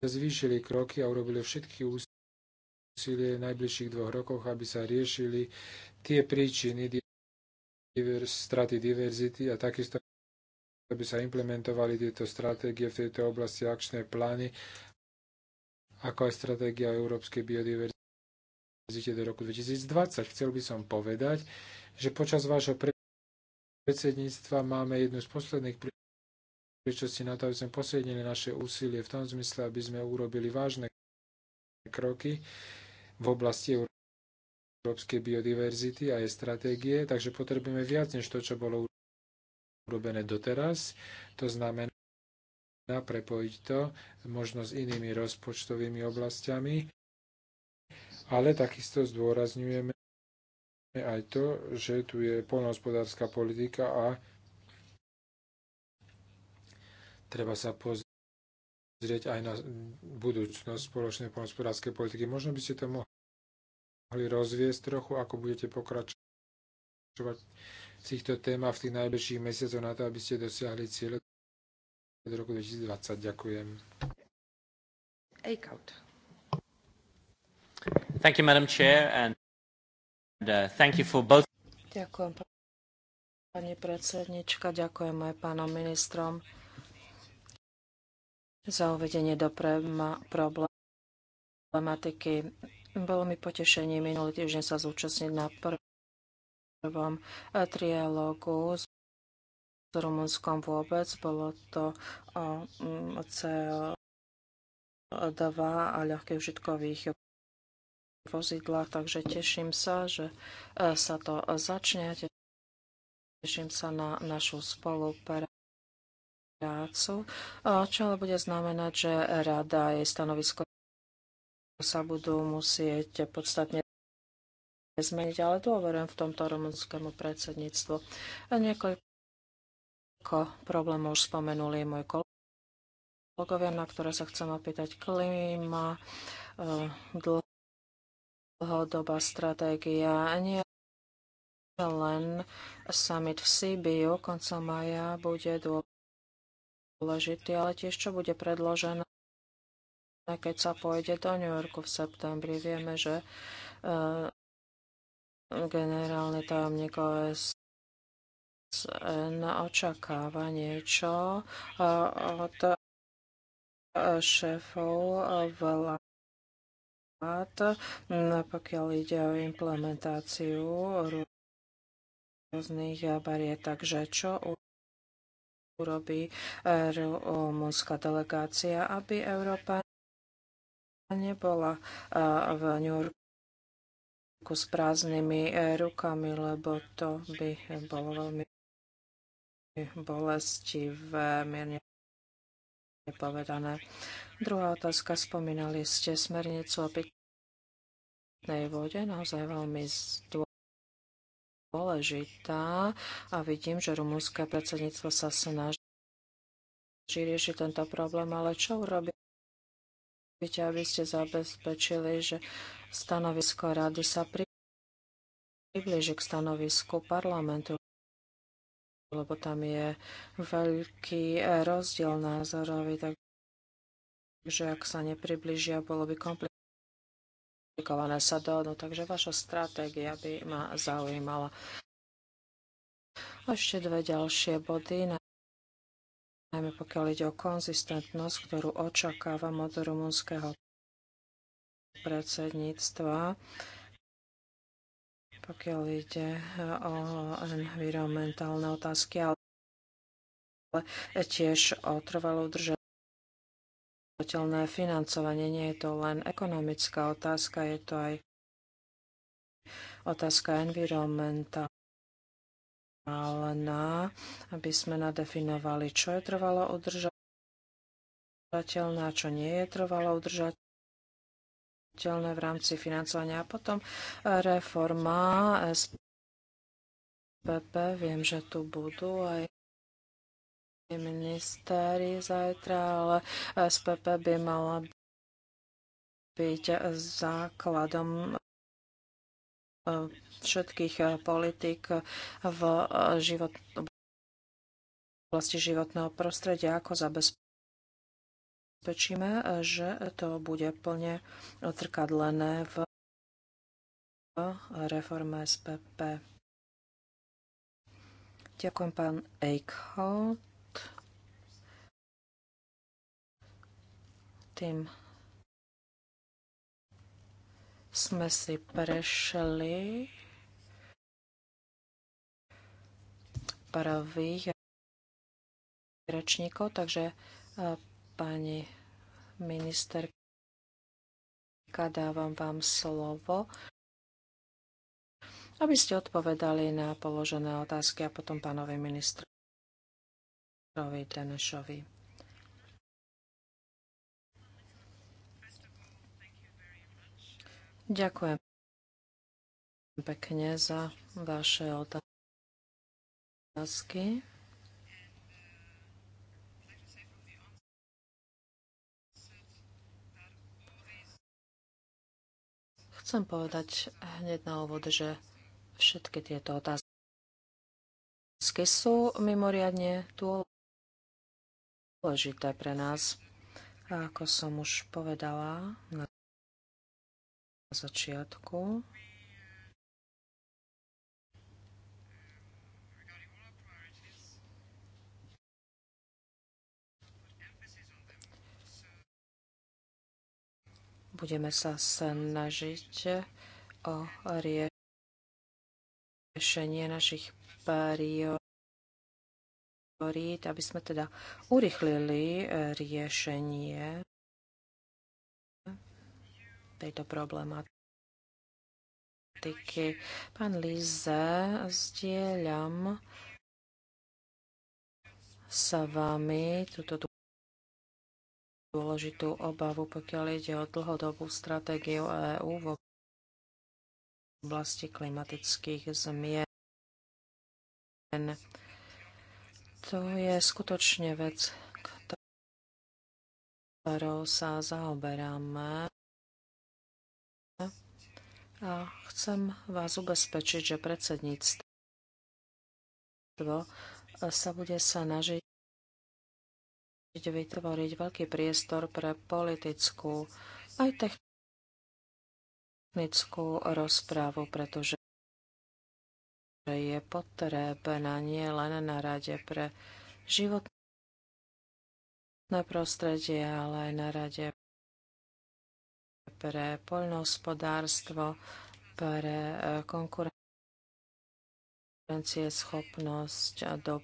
zvýšili kroky a urobili všetky úsilie v najbližších dvoch rokoch, aby sa riešili tie príčiny divers, straty diverzity a takisto aby sa implementovali tieto stratégie v tejto oblasti, akčné plány, ako aj stratégia európskej biodiverzity do roku 2020. Chcel by som povedať, že počas vášho pre predsedníctva máme jednu z posledných príležitostí na to, aby sme posiednili naše úsilie v tom zmysle, aby sme urobili vážne kroky v oblasti európskej biodiverzity a jej stratégie, takže potrebujeme viac než to, čo bolo urobené doteraz. To znamená prepojiť to možno s inými rozpočtovými oblastiami, ale takisto zdôrazňujeme aj to, že tu je polnohospodárska politika a treba sa pozrieť aj na budúcnosť spoločnej polnohospodárskej politiky. Možno by ste to mohli rozviesť trochu, ako budete pokračovať v týchto témach v tých najbližších mesiacoch na to, aby ste dosiahli cieľe do roku 2020. Ďakujem. Thank you, Madam Chair, and Uh, ďakujem, pani predsednička, ďakujem aj pánom ministrom za uvedenie do problematiky. Bolo mi potešenie minulý týždeň sa zúčastniť na prvom e, trialógu s Rumunskom vôbec. Bolo to e, CO2 a ľahkých užitkových vozidlách, takže teším sa, že e, sa to začne. Teším sa na našu spoluprácu čo ale bude znamenať, že rada jej stanovisko sa budú musieť podstatne zmeniť, ale dôverujem v tomto rumunskému predsedníctvu. Niekoľko problémov už spomenuli môj kolegovia, na ktoré sa chcem opýtať. Klíma, e, dlho dlhodobá stratégia. Nie len summit v Sibiu koncom maja bude dôležitý, ale tiež čo bude predložené, keď sa pôjde do New Yorku v septembri. Vieme, že uh, generálny tajomník OS očakáva niečo e, od šéfov e, vlád štát, no, pokiaľ ide o implementáciu rôznych bariér. Takže čo urobí eh, rumúnska delegácia, aby Európa nebola eh, v New Yorku s prázdnymi eh, rukami, lebo to by bolo veľmi bolestivé, mierne povedané. Druhá otázka. Spomínali ste smernicu o pitnej vode. Naozaj veľmi dôležitá a vidím, že rumúnske predsedníctvo sa snaží riešiť tento problém, ale čo urobíte, aby ste zabezpečili, že stanovisko rady sa približí k stanovisku parlamentu, lebo tam je veľký eh, rozdiel názorový, takže ak sa nepribližia, bolo by komplikované sa dohodnúť. Takže vaša stratégia by ma zaujímala. Ešte dve ďalšie body, najmä pokiaľ ide o konzistentnosť, ktorú očakávam od rumunského predsedníctva pokiaľ ide eh, o environmentálne otázky, ale tiež o trvalo udržateľné financovanie. Nie je to len ekonomická otázka, je to aj otázka environmentálna, aby sme nadefinovali, čo je trvalo udržateľné a čo nie je trvalo udržateľné v rámci financovania. A potom e, reforma e, SPP. Viem, že tu budú aj ministéri zajtra, ale e, SPP by mala byť základom všetkých politik v život, oblasti životného prostredia, ako zabezpečiť zabezpečíme, že to bude plne odzrkadlené v reforme SPP. Ďakujem, pán Eichholt. Tým sme si prešli prvých rečníkov, takže Pani ministerka, dávam vám slovo, aby ste odpovedali na položené otázky a potom pánovi ministrovi Denešovi. Ďakujem pekne za vaše otázky. Chcem povedať hneď na úvod, že všetky tieto otázky sú mimoriadne dôležité pre nás. A ako som už povedala na začiatku, budeme sa snažiť o riešenie našich priorít, aby sme teda urychlili e, riešenie tejto problematiky. Pán Lize, zdieľam s vami túto tú dôležitú obavu, pokiaľ ide o dlhodobú stratégiu EÚ v oblasti klimatických zmien. To je skutočne vec, ktorou sa zaoberáme. A chcem vás ubezpečiť, že predsedníctvo sa bude sa nažiť vytvoriť veľký priestor pre politickú aj technickú rozprávu, pretože je potrebná nie len na rade pre životné prostredie, ale aj na rade pre poľnohospodárstvo, pre eh, konkurencieschopnosť a dopravu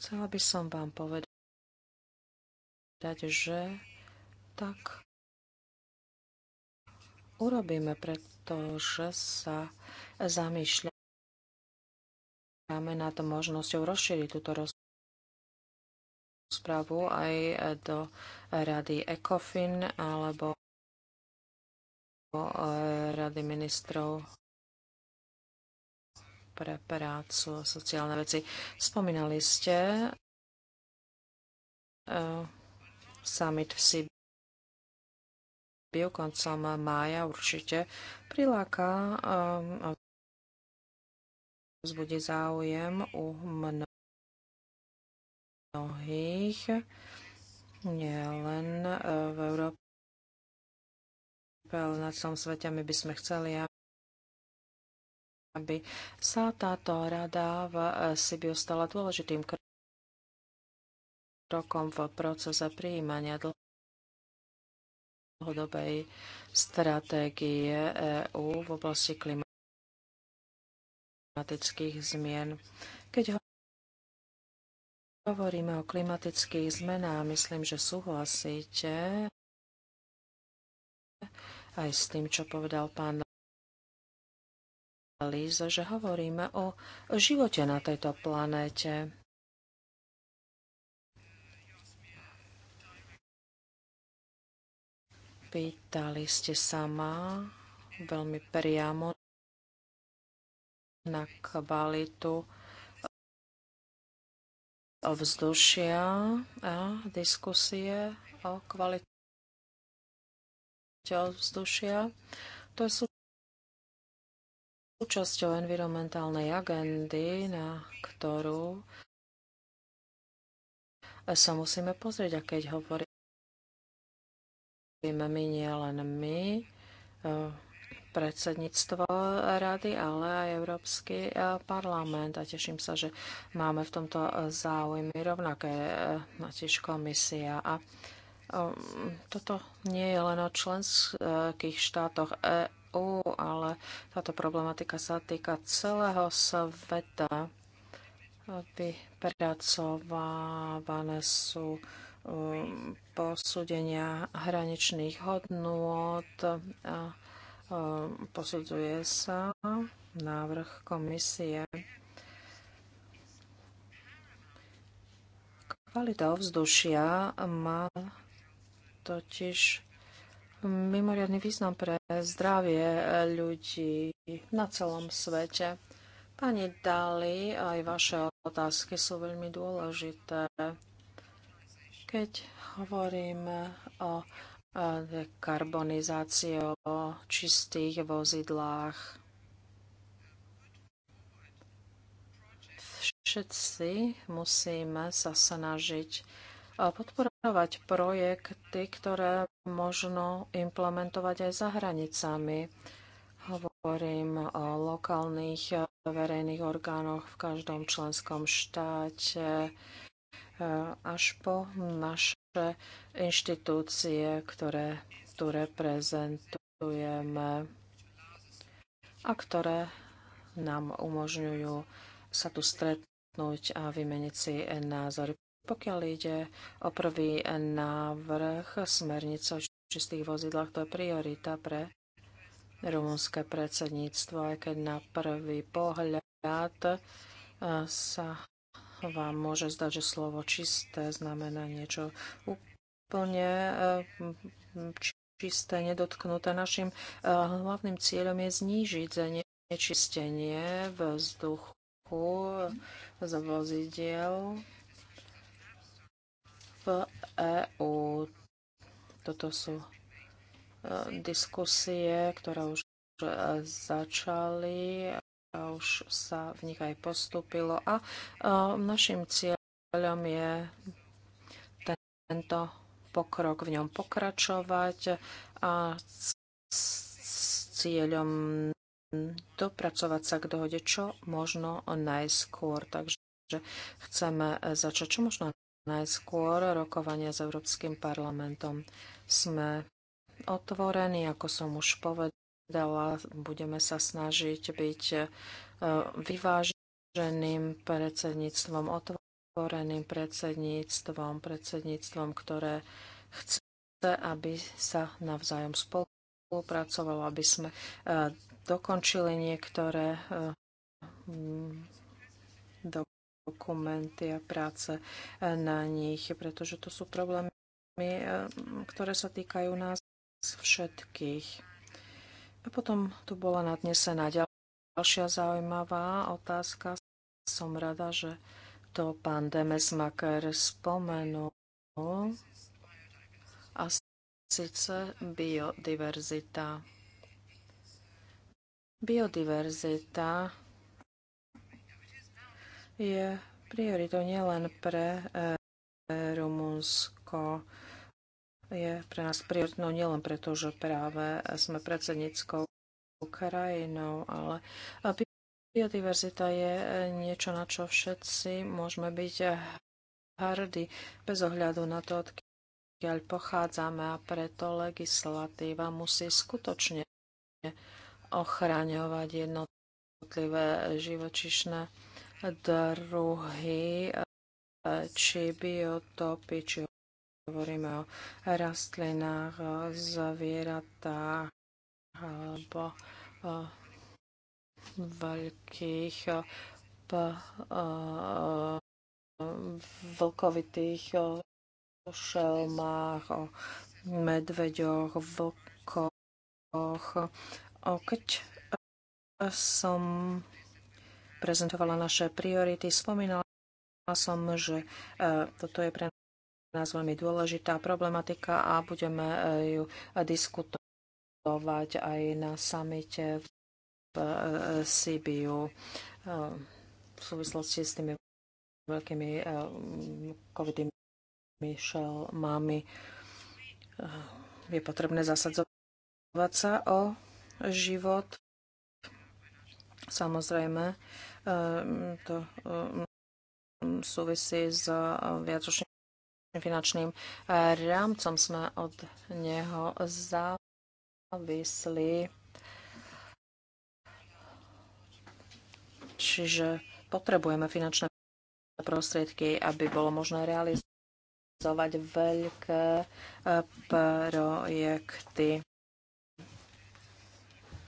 Chcela by som vám povedať, že tak urobíme, pretože sa zamýšľame nad možnosťou rozšíriť túto rozpravu aj do rady ECOFIN alebo rady ministrov pre prácu, sociálne veci. Spomínali ste uh, summit v Sibiu koncom mája určite priláka um, vzbudí záujem u mnohých, nielen eh, v Európe, ale na celom svete. My by sme chceli, aby sa táto rada v Sibiu stala dôležitým krokom v procese prijímania dlhodobej stratégie EÚ v oblasti klimatických zmien. Keď hovoríme o klimatických zmenách, myslím, že súhlasíte aj s tým, čo povedal pán analýz, že hovoríme o živote na tejto planéte. Pýtali ste sa ma veľmi priamo na kvalitu vzdušia a diskusie o kvalite vzdušia. To sú súčasťou environmentálnej agendy, na ktorú sa musíme pozrieť. A keď hovoríme my, nie len my, e, predsedníctvo rady, ale aj Európsky e, parlament. A teším sa, že máme v tomto záujmy rovnaké e, tiež komisia. A toto nie je len o členských štátoch EÚ, ale táto problematika sa týka celého sveta. Vypracovávané sú e, posúdenia hraničných hodnôt a e, posudzuje sa návrh komisie. Kvalita ovzdušia má totiž mimoriadný význam pre zdravie ľudí na celom svete. Pani Dali, aj vaše otázky sú veľmi dôležité. Keď hovoríme o dekarbonizácii, o čistých vozidlách, všetci musíme sa snažiť podporovať podporovať projekty, ktoré možno implementovať aj za hranicami. Hovorím o lokálnych e, verejných orgánoch v každom členskom štáte e, až po naše inštitúcie, ktoré tu reprezentujeme a ktoré nám umožňujú sa tu stretnúť a vymeniť si názory. Pokiaľ ide o prvý návrh smernice o čistých vozidlách, to je priorita pre rumunské predsedníctvo, aj keď na prvý pohľad eh, sa vám môže zdať, že slovo čisté znamená niečo úplne eh, čisté, nedotknuté. Našim eh, hlavným cieľom je znížiť znečistenie vzduchu z vozidiel v EÚ. Toto sú e, diskusie, ktoré už e, začali a už sa v nich aj postúpilo. A e, našim cieľom je tento pokrok v ňom pokračovať a s cieľom dopracovať sa k dohode čo možno najskôr. Takže chceme začať čo možno najskôr rokovania s Európskym parlamentom. Sme otvorení, ako som už povedala, budeme sa snažiť byť e, vyváženým predsedníctvom, otvoreným predsedníctvom, predsedníctvom, ktoré chce, aby sa navzájom spolupracovalo, aby sme e, dokončili niektoré do e, dokumenty a práce e, na nich, pretože to sú problémy, e, ktoré sa týkajú nás všetkých. A potom tu bola nadnesená ďalšia zaujímavá otázka. Som rada, že to pán Demesmaker spomenul. A síce biodiverzita. Biodiverzita je prioritou nielen pre e, Rumunsko, je pre nás prioritnou nielen preto, že práve sme predsedníckou krajinou, ale biodiverzita je niečo, na čo všetci môžeme byť hrdí bez ohľadu na to, odkiaľ pochádzame a preto legislatíva musí skutočne ochraňovať jednotlivé živočišné druhy, e, či biotopy, či hovoríme o rastlinách, e, zvieratách alebo e, veľkých vlkovitých šelmách, o medveďoch, vlkoch. Keď som prezentovala naše priority. Spomínala som, že e, toto je pre nás veľmi dôležitá problematika a budeme e, ju diskutovať aj na samite v e, Sibiu v súvislosti s tými veľkými covidými šelmami. Je potrebné zasadzovať sa o život. Samozrejme, Ehm, to ehm, súvisí s eh, viacročným finančným eh, rámcom. Sme od neho závislí. Čiže potrebujeme finančné prostriedky, aby bolo možné realizovať veľké eh, projekty.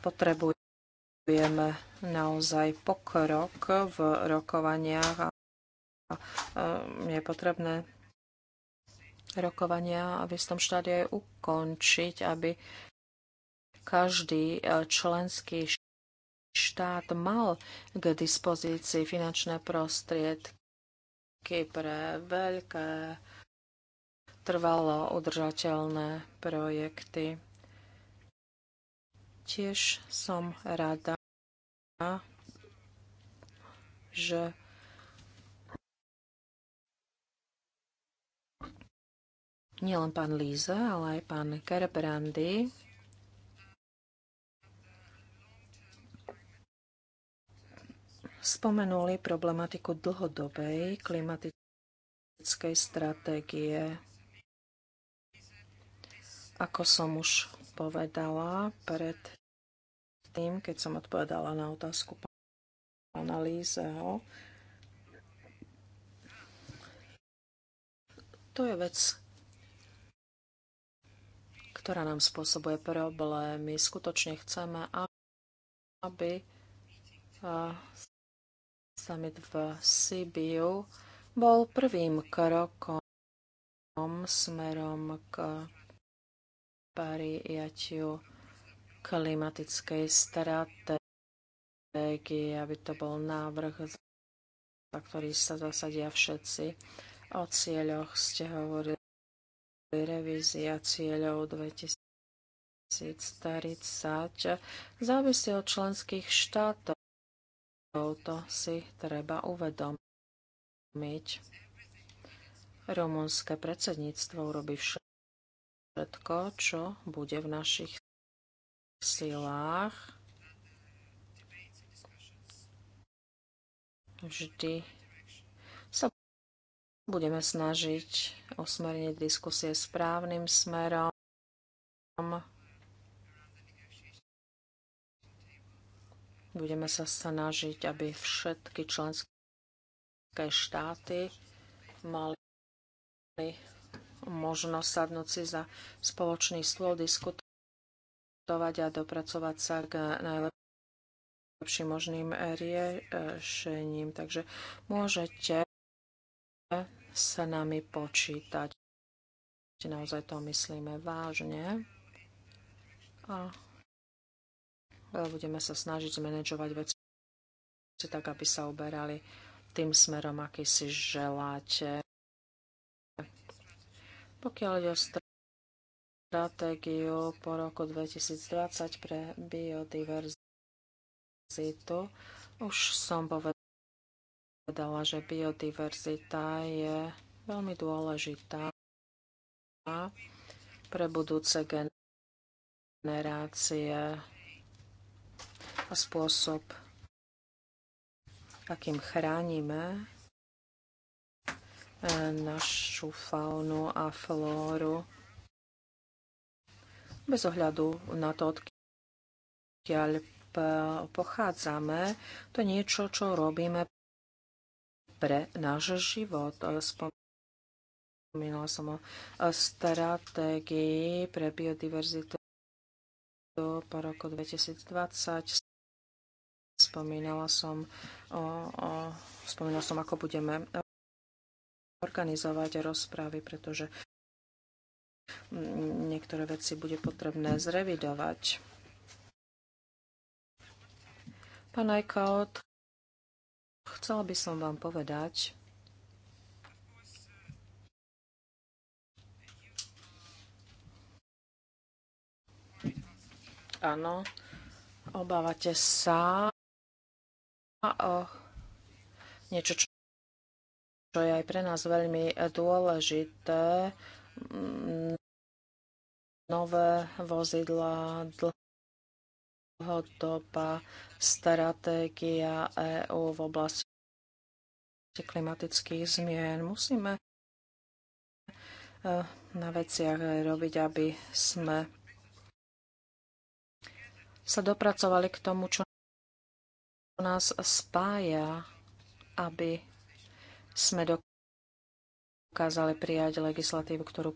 Potrebujeme naozaj pokrok v rokovaniach a um, je potrebné rokovania aby v tom štádiu aj ukončiť, aby každý e, členský štát mal k dispozícii finančné prostriedky pre veľké trvalo udržateľné projekty. Tiež som rada, že nielen pán Líza, ale aj pán Kerbrandy spomenuli problematiku dlhodobej klimatickej stratégie. Ako som už povedala pred tým, keď som odpovedala na otázku pána Lízeho. To je vec, ktorá nám spôsobuje problémy. Skutočne chceme, aby summit v Sibiu bol prvým krokom smerom k pariatiu klimatickej stratégie, aby to bol návrh, za ktorý sa zasadia všetci. O cieľoch ste hovorili revízia cieľov 2030 závisí od členských štátov. To si treba uvedomiť. Rumunské predsedníctvo urobí všetko, čo bude v našich silách vždy sa budeme snažiť osmerniť diskusie správnym smerom. Budeme sa snažiť, aby všetky členské štáty mali možnosť sadnúť si za spoločný stôl, diskutovať diskutovať a dopracovať sa k najlepším možným riešením. Takže môžete s nami počítať. Naozaj to myslíme vážne. A budeme sa snažiť zmanéžovať veci tak, aby sa uberali tým smerom, aký si želáte. Pokiaľ ide o stratégiu po roku 2020 pre biodiverzitu. Už som povedala, že biodiverzita je veľmi dôležitá pre budúce generácie a spôsob, akým chránime eh, našu faunu a flóru bez ohľadu na to, odkiaľ pochádzame. To je niečo, čo robíme pre náš život. Spomínala som o stratégii pre biodiverzitu po roku 2020. Spomínala som, o, o, spomínala som, ako budeme organizovať rozprávy, pretože Mm, niektoré veci bude potrebné zrevidovať. Pán Eichhout, chcela by som vám povedať, Áno, obávate sa o niečo, čo je aj pre nás veľmi dôležité, nové vozidla, dlhodobá stratégia EÚ v oblasti klimatických zmien. Musíme eh, na veciach robiť, aby sme sa dopracovali k tomu, čo nás spája, aby sme dokázali dokázali prijať legislatívu, ktorú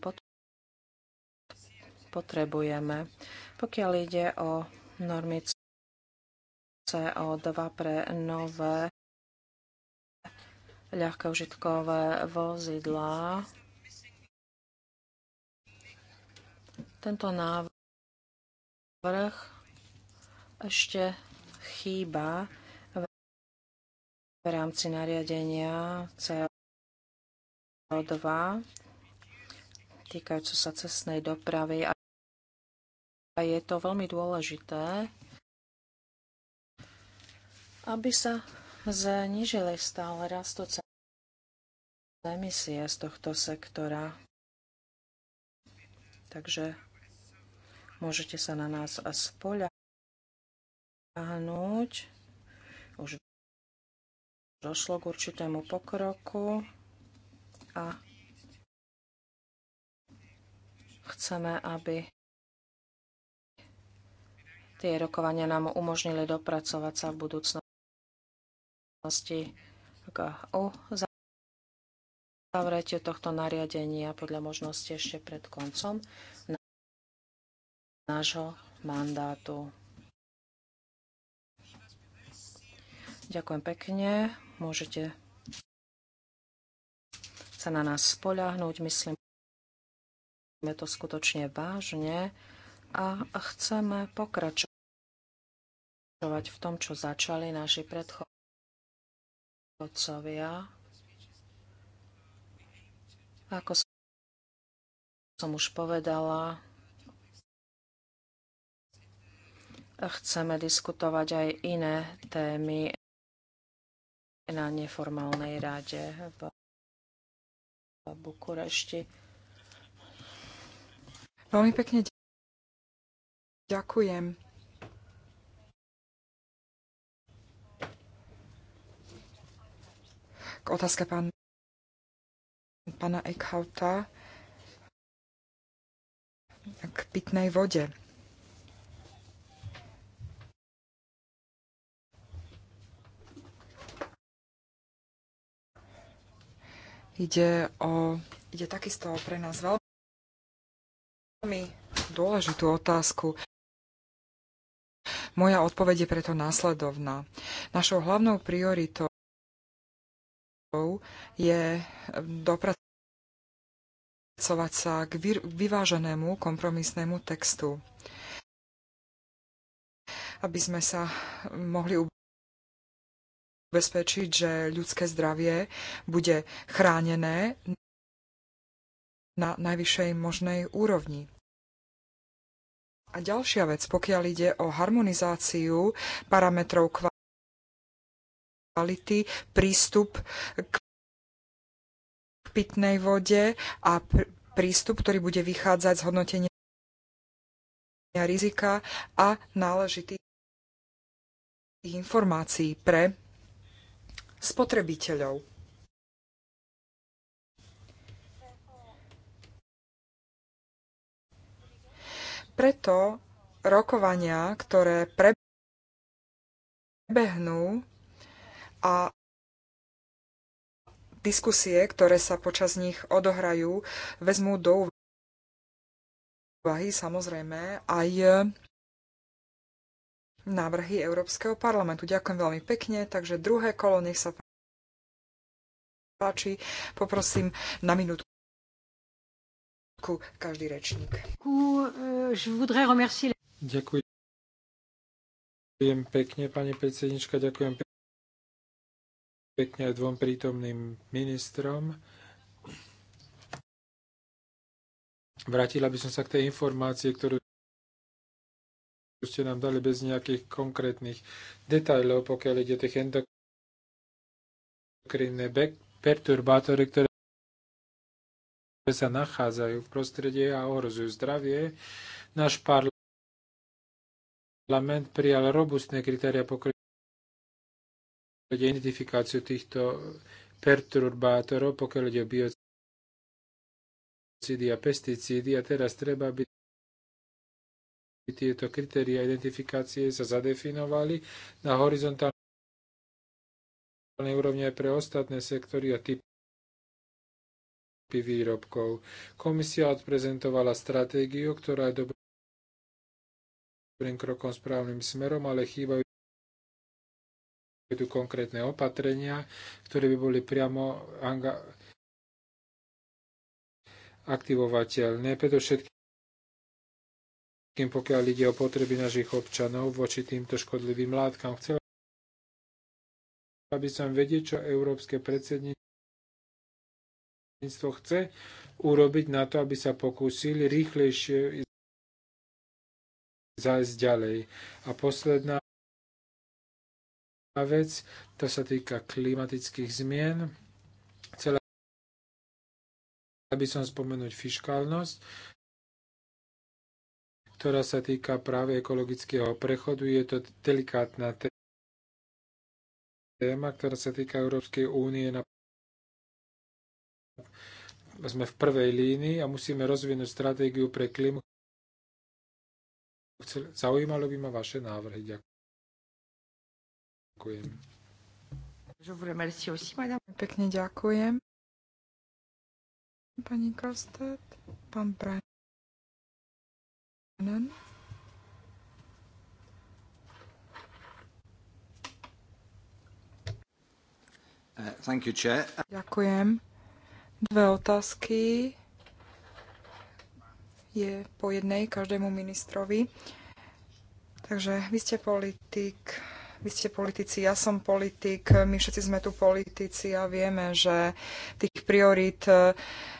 potrebujeme. Pokiaľ ide o normy CO2 pre nové ľahké užitkové vozidlá, tento návrh ešte chýba v rámci nariadenia CO2 2 týkajúcu sa cestnej dopravy a je to veľmi dôležité, aby sa znižili stále rastúce emisie z tohto sektora. Takže môžete sa na nás spoľahnúť. Už došlo k určitému pokroku a chceme, aby tie rokovania nám umožnili dopracovať sa v budúcnosti k uzavretiu tohto nariadenia podľa možnosti ešte pred koncom nášho mandátu. Ďakujem pekne. Môžete sa na nás spoľahnúť, myslíme to skutočne vážne a chceme pokračovať v tom, čo začali naši predchodcovia. Ako som už povedala, chceme diskutovať aj iné témy na neformálnej rade v Bukurešti. Veľmi pekne ďakujem. K otázke pán, pána Eckhauta k pitnej vode. Ide, o, ide takisto pre nás veľmi dôležitú otázku. Moja odpoveď je preto následovná. Našou hlavnou prioritou je dopracovať sa k vyváženému kompromisnému textu, aby sme sa mohli ubezpečiť, že ľudské zdravie bude chránené na najvyššej možnej úrovni. A ďalšia vec, pokiaľ ide o harmonizáciu parametrov kvality, prístup k pitnej vode a prístup, ktorý bude vychádzať z hodnotenia rizika a náležitých informácií pre spotrebiteľov. Preto rokovania, ktoré prebehnú a diskusie, ktoré sa počas nich odohrajú, vezmú do úvahy samozrejme aj návrhy Európskeho parlamentu. Ďakujem veľmi pekne, takže druhé kolo, nech sa páči, poprosím na minútu každý rečník. Ďakujem pekne, pani predsednička, ďakujem pekne aj dvom prítomným ministrom. Vrátila by som sa k tej informácie, ktorú ste nám dali bez nejakých konkrétnych detajlov, pokiaľ ide o tých endokrinné perturbátory, ktoré sa nachádzajú v prostredí a ohrozujú zdravie. Náš parlament prijal robustné kritéria pokrytia identifikáciu týchto perturbátorov, pokiaľ ide o biocidy a pesticídy a teraz treba, byť tieto kritéria identifikácie sa zadefinovali na horizontálnej úrovni aj pre ostatné sektory a typy výrobkov. Komisia odprezentovala stratégiu, ktorá je dobrým krokom správnym smerom, ale chýbajú tu konkrétne opatrenia, ktoré by boli priamo aktivovateľné, všetky predovšetkým pokiaľ ide o potreby našich občanov voči týmto škodlivým látkam. Chcela by som vedieť, čo Európske predsedníctvo chce urobiť na to, aby sa pokúsili rýchlejšie zájsť ďalej. A posledná vec, to sa týka klimatických zmien. Chcela by som spomenúť fiškálnosť ktorá sa týka práve ekologického prechodu. Je to delikátna téma, ktorá sa týka Európskej únie. Na... Sme v prvej línii a musíme rozvinúť stratégiu pre klimu. Zaujímalo by ma vaše návrhy. Ďakujem. Pekne ďakujem. Pani Kostet, pán Brian. Uh, thank You, Ďakujem. Dve otázky je po jednej každému ministrovi. Takže vy ste politik, vy ste politici, ja som politik, my všetci sme tu politici a vieme, že tých priorít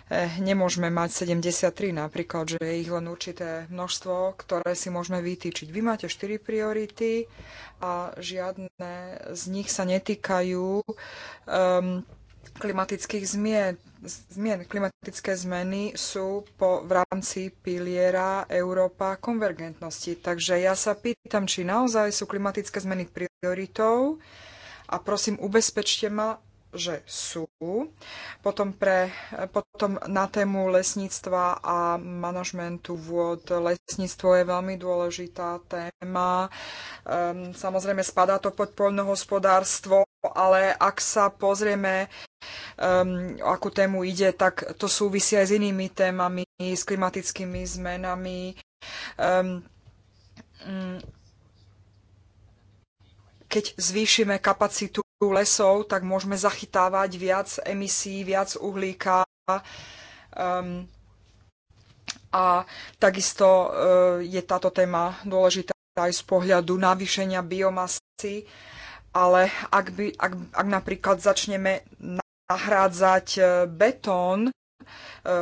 Eh, nemôžeme mať 73 napríklad, že je ich len určité množstvo, ktoré si môžeme vytýčiť. Vy máte 4 priority a žiadne z nich sa netýkajú um, klimatických zmien. zmien. Klimatické zmeny sú po, v rámci piliera Európa konvergentnosti. Takže ja sa pýtam, či naozaj sú klimatické zmeny prioritou a prosím, ubezpečte ma, že sú. Potom, pre, potom na tému lesníctva a manažmentu vôd. Lesníctvo je veľmi dôležitá téma. Um, samozrejme, spadá to pod poľnohospodárstvo, ale ak sa pozrieme, um, o akú tému ide, tak to súvisí aj s inými témami, s klimatickými zmenami. Um, keď zvýšime kapacitu lesov, tak môžeme zachytávať viac emisí, viac uhlíka. Um, a takisto uh, je táto téma dôležitá aj z pohľadu navýšenia biomasy, ale ak, by, ak, ak napríklad začneme nahrádzať uh, betón uh,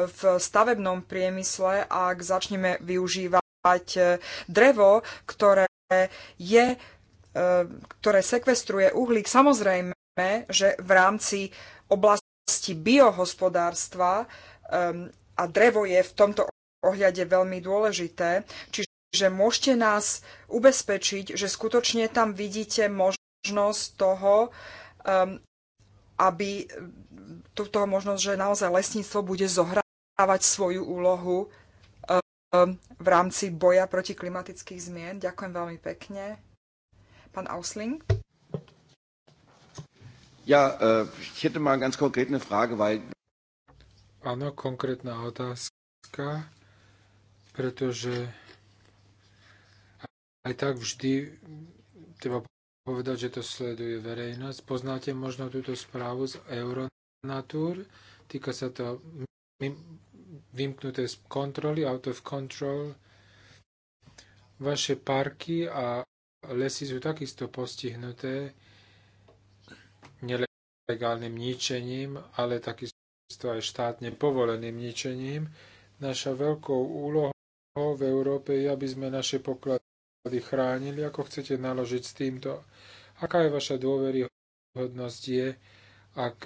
v stavebnom priemysle, ak začneme využívať drevo, ktoré je ktoré sekvestruje uhlík. Samozrejme, že v rámci oblasti biohospodárstva um, a drevo je v tomto ohľade veľmi dôležité, čiže môžete nás ubezpečiť, že skutočne tam vidíte možnosť toho, um, aby túto možnosť, že naozaj lesníctvo bude zohrávať svoju úlohu um, v rámci boja proti klimatických zmien. Ďakujem veľmi pekne. Pán Ausling. Ja, äh, ich hätte mal ganz konkret eine Frage, weil... Áno, konkrétna otázka, pretože aj tak vždy treba povedať, že to sleduje verejnosť. Poznáte možno túto správu z Euronatur, týka sa to vymknuté z kontroly, out of control, vaše parky a lesy sú takisto postihnuté nelegálnym ničením, ale takisto aj štátne povoleným ničením. Našou veľkou úlohou v Európe je, aby sme naše poklady chránili. Ako chcete naložiť s týmto? Aká je vaša dôveryhodnosť je, ak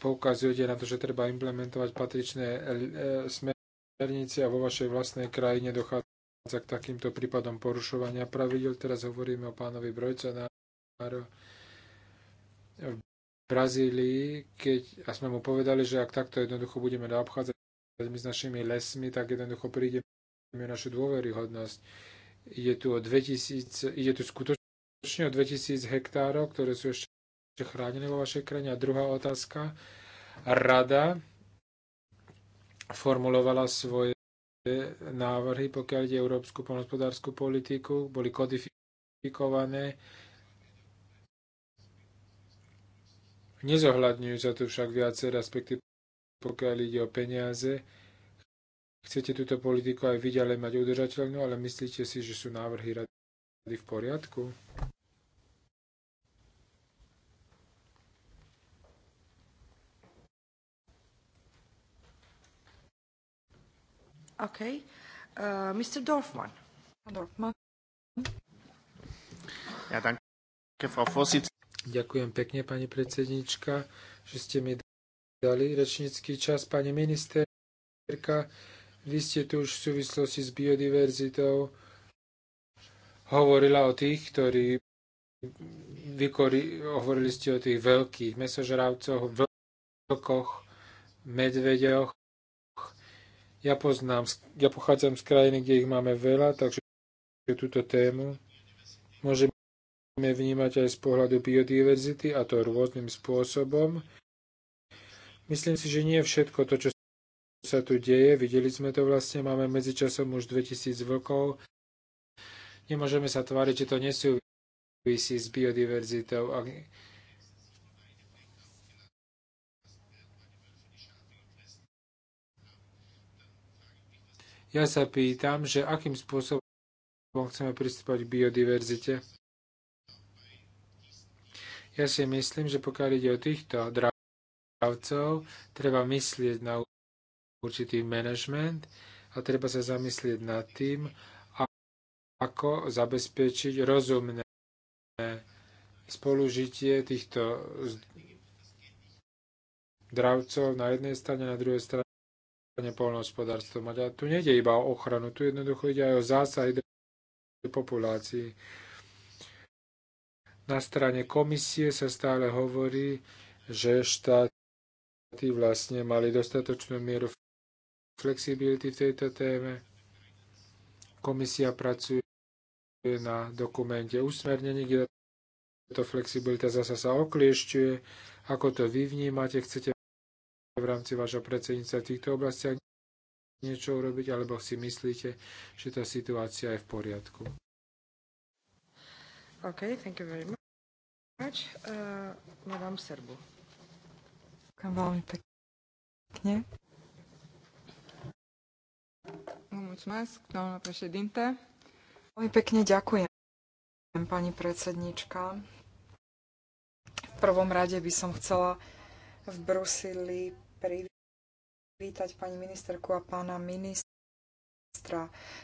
poukazujete na to, že treba implementovať patričné eh, smernice a vo vašej vlastnej krajine dochádza k takýmto prípadom porušovania pravidel. Teraz hovoríme o pánovi Brojcenáro v Brazílii, keď, a sme mu povedali, že ak takto jednoducho budeme obchádzať my s našimi lesmi, tak jednoducho prídeme o našu dôveryhodnosť. Ide tu, o 2000, ide tu skutočne o 2000 hektárov, ktoré sú ešte chránené vo vašej krajine. A druhá otázka. Rada formulovala svoje návrhy, pokiaľ ide európsku polnospodárskú politiku, boli kodifikované. Nezohľadňujú sa tu však viacej, respektíve pokiaľ ide o peniaze. Chcete túto politiku aj vyďalej mať udržateľnú, ale myslíte si, že sú návrhy rady v poriadku? Okay. Uh, Mr. Ja, danke, Frau Ďakujem pekne, pani predsednička, že ste mi dali rečnícky čas. Pani ministerka, vy ste tu už v súvislosti s biodiverzitou hovorila o tých, ktorí vykori, hovorili ste o tých veľkých mesožravcoch, vlkoch, medveďoch, ja poznám, ja pochádzam z krajiny, kde ich máme veľa, takže túto tému môžeme vnímať aj z pohľadu biodiverzity a to rôznym spôsobom. Myslím si, že nie všetko to, čo sa tu deje, videli sme to vlastne, máme medzičasom už 2000 vlkov. Nemôžeme sa tváriť, že to nesúvisí s biodiverzitou. Ja sa pýtam, že akým spôsobom chceme pristúpať k biodiverzite. Ja si myslím, že pokiaľ ide o týchto dravcov, treba myslieť na určitý manažment a treba sa zamyslieť nad tým, ako zabezpečiť rozumné spolužitie týchto dravcov na jednej strane, na druhej strane poľnohospodárstvo mať. A tu nejde iba o ochranu, tu jednoducho ide aj o zásahy do populácií. Na strane komisie sa stále hovorí, že štáty vlastne mali dostatočnú mieru flexibility v tejto téme. Komisia pracuje na dokumente usmernení, kde táto flexibilita zasa sa okliešťuje. Ako to vy vnímate? Chcete v rámci vášho predsedníctva v týchto oblastiach niečo urobiť, alebo si myslíte, že tá situácia je v poriadku? OK, thank you very much. Uh, Madame Serbu. Ďakujem veľmi pekne. Veľmi pekne ďakujem, pani predsednička. V prvom rade by som chcela v Brusili privítať pani ministerku a pána ministra.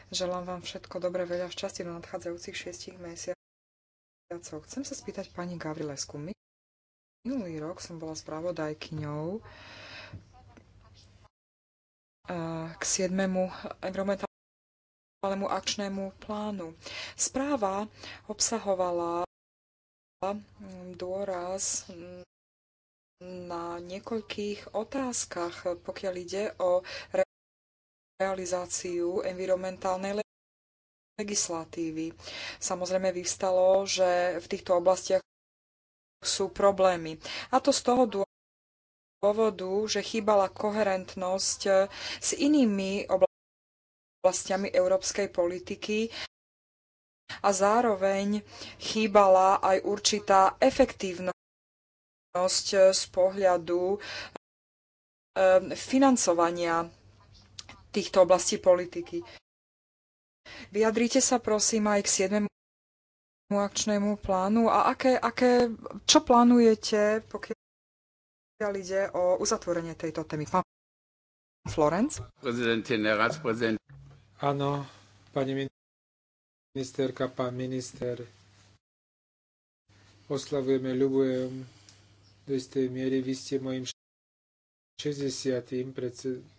Želám vám všetko dobre, veľa časti do nadchádzajúcich šiestich mesiacov. Chcem sa spýtať pani Gavrilesku. Minulý rok som bola spravodajkyňou eh, k 7. environmentálnemu akčnému plánu. Správa obsahovala dôraz na niekoľkých otázkach, pokiaľ ide o realizáciu environmentálnej legislatívy. Samozrejme vyvstalo, že v týchto oblastiach sú problémy. A to z toho dôvodu, že chýbala koherentnosť eh, s inými oblastiami európskej politiky a zároveň chýbala aj určitá efektívnosť Eh, z pohľadu eh, financovania týchto oblastí politiky. Vyjadrite sa prosím aj k 7. akčnému plánu a aké, aké, čo plánujete, pokiaľ ide o uzatvorenie tejto témy? Pán Florenc? Áno, pani ministerka, pán minister, oslavujeme, ľubujem do istej miery vy ste mojim 60.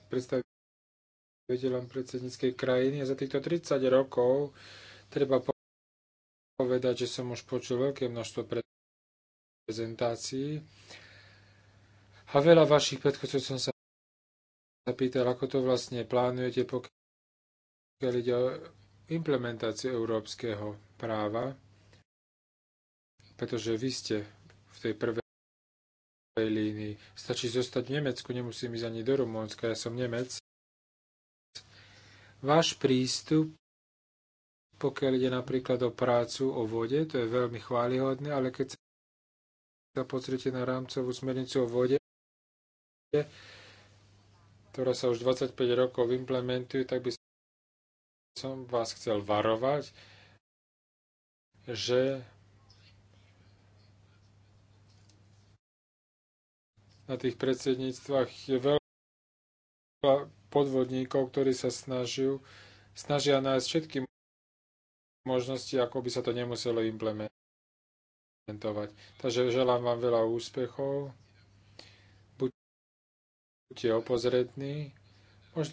predstaviteľom predsedníckej krajiny a za týchto 30 rokov treba povedať, že som už počul veľké množstvo prezentácií a veľa vašich predchodcov som sa zapýtal, ako to vlastne plánujete, pokiaľ ide o implementáciu európskeho práva, pretože vy ste v tej prvej línii. Stačí zostať v Nemecku, nemusím ísť ani do Rumúnska, ja som Nemec. Váš prístup, pokiaľ ide napríklad o prácu, o vode, to je veľmi chválihodné, ale keď sa pozriete na rámcovú smernicu o vode, ktorá sa už 25 rokov implementuje, tak by som vás chcel varovať, že na tých predsedníctvách je veľa podvodníkov, ktorí sa snažiu, snažia nájsť všetky možnosti, ako by sa to nemuselo implementovať. Takže želám vám veľa úspechov. Buďte opozretní. Možno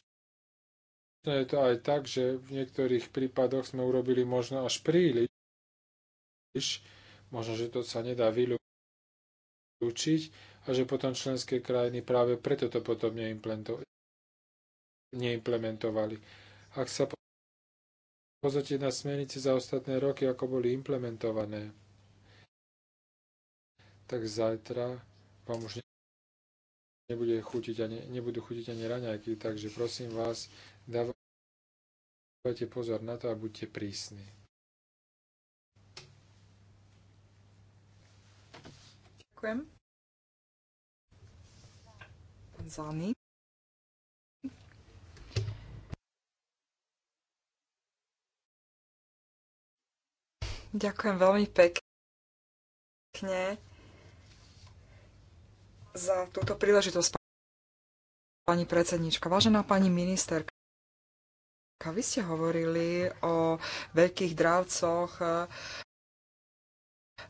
je to aj tak, že v niektorých prípadoch sme urobili možno až príliš. Možno, že to sa nedá vylúčiť, a že potom členské krajiny práve preto to potom neimplementovali. Ak sa pozrite na smernice za ostatné roky, ako boli implementované, tak zajtra vám už nebude chutiť ani, nebudú chutiť ani raňajky, takže prosím vás, dávajte pozor na to a buďte prísni. Ďakujem zelený. Ďakujem veľmi pekne za túto príležitosť, pani predsednička. Vážená pani ministerka, vy ste hovorili o veľkých dravcoch,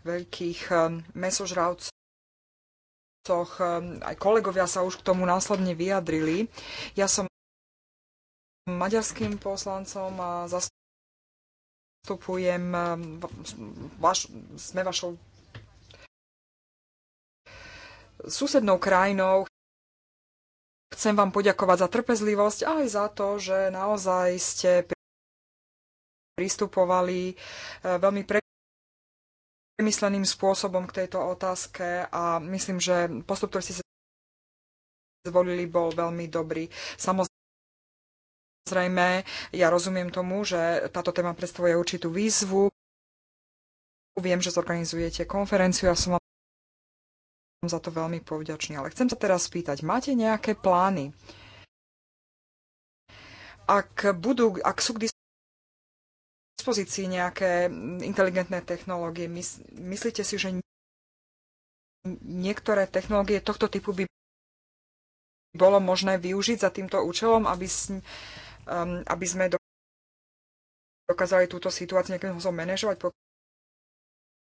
veľkých eh, mesožravcoch, projektoch. Ehm, aj kolegovia sa už k tomu následne vyjadrili. Ja som maďarským poslancom a zastupujem ehm, vaš, sme vašou susednou krajinou. Chcem vám poďakovať za trpezlivosť a aj za to, že naozaj ste pristupovali ehm, veľmi pre premysleným spôsobom k tejto otázke a myslím, že postup, ktorý ste zvolili, bol veľmi dobrý. Samozrejme, ja rozumiem tomu, že táto téma predstavuje určitú výzvu. Viem, že zorganizujete konferenciu a ja som vám za to veľmi povďačný. Ale chcem sa teraz spýtať, máte nejaké plány? Ak, budú, ak sú k dispozícii nejaké inteligentné technológie. myslíte si, že niektoré technológie tohto typu by bolo možné využiť za týmto účelom, aby, um, aby sme dokázali túto situáciu nejakým spôsobom manažovať,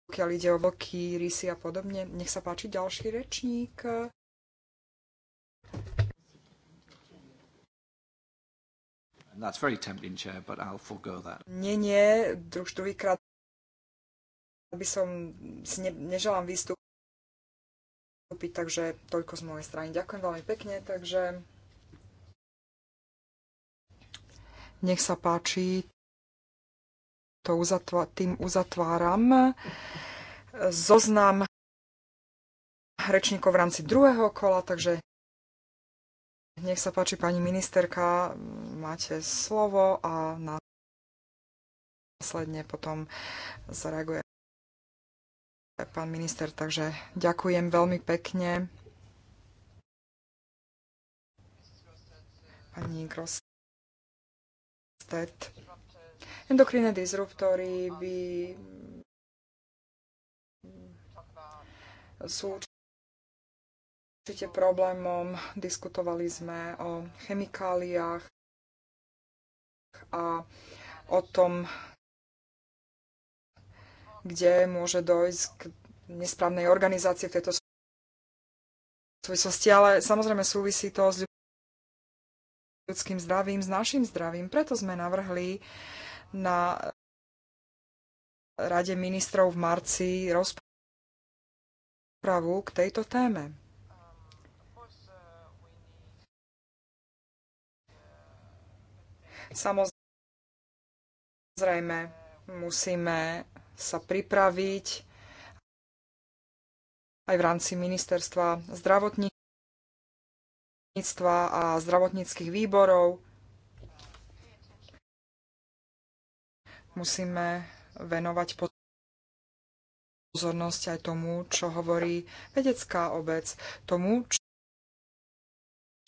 pokiaľ ide o vlky, rysy a podobne. Nech sa páči ďalší rečník. That's no, very tempting, Chair, but I'll forego that. Nie, nie, už druhýkrát by som si ne, neželám vystúpiť, takže toľko z mojej strany. Ďakujem veľmi pekne, takže nech sa páči, to uzatvá, tým uzatváram zoznam rečníkov v rámci druhého kola, takže nech sa páči, pani ministerka, máte slovo a následne potom zareaguje pán minister. Takže ďakujem veľmi pekne. Pani Grostet. Endokrinné disruptory by sú určite problémom. Diskutovali sme o chemikáliách a o tom, kde môže dojsť k nesprávnej organizácii v tejto súvislosti, ale samozrejme súvisí to s ľudským zdravím, s našim zdravím. Preto sme navrhli na Rade ministrov v marci rozprávu k tejto téme. Samozrejme, musíme sa pripraviť aj v rámci ministerstva zdravotníctva a zdravotníckých výborov. Musíme venovať pozornosť aj tomu, čo hovorí vedecká obec, tomu,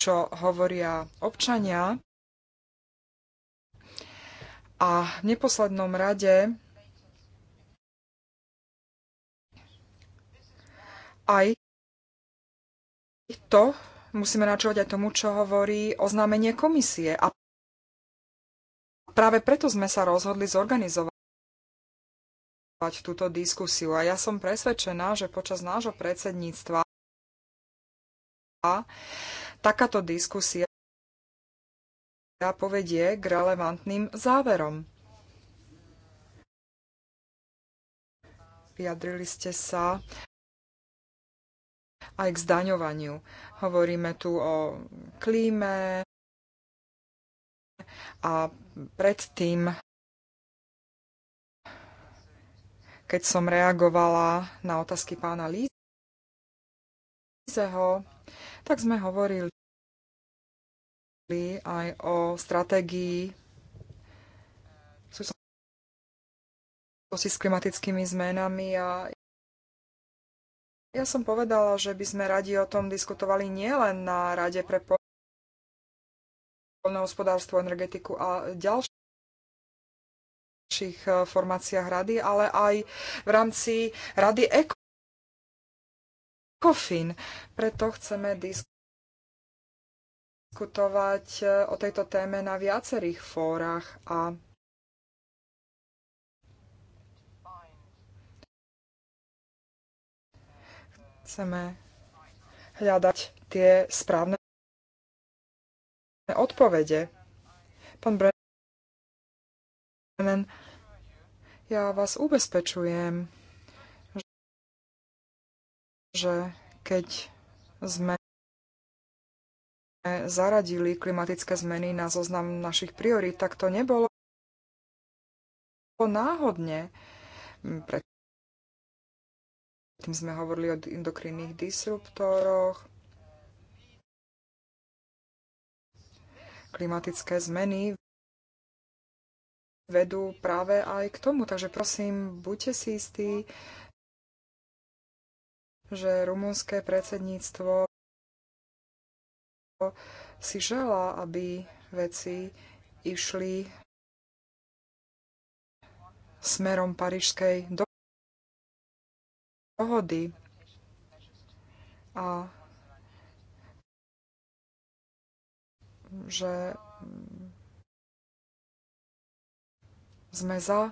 čo hovoria občania a v neposlednom rade aj to, musíme načovať aj tomu, čo hovorí oznámenie komisie. A práve preto sme sa rozhodli zorganizovať túto diskusiu. A ja som presvedčená, že počas nášho predsedníctva takáto diskusia ktorá povedie k relevantným záverom. Vyjadrili ste sa aj k zdaňovaniu. Hovoríme tu o klíme a predtým, keď som reagovala na otázky pána Lízeho, tak sme hovorili aj o stratégii s klimatickými zmenami a ja som povedala, že by sme radi o tom diskutovali nielen na Rade pre hospodárstvo, energetiku a ďalších e, formáciách rady, ale aj v rámci Rady ECOFIN. Preto chceme diskutovať diskutovať e, o tejto téme na viacerých fórach a chceme hľadať tie správne odpovede. Pán Brennan, ja vás ubezpečujem, že keď sme zaradili klimatické zmeny na zoznam našich priorít, tak to nebolo náhodne. Predtým sme hovorili o endokrinných disruptoroch, klimatické zmeny vedú práve aj k tomu. Takže prosím, buďte si istí, že rumunské predsedníctvo si želá, aby veci išli smerom Parížskej dohody. A že sme za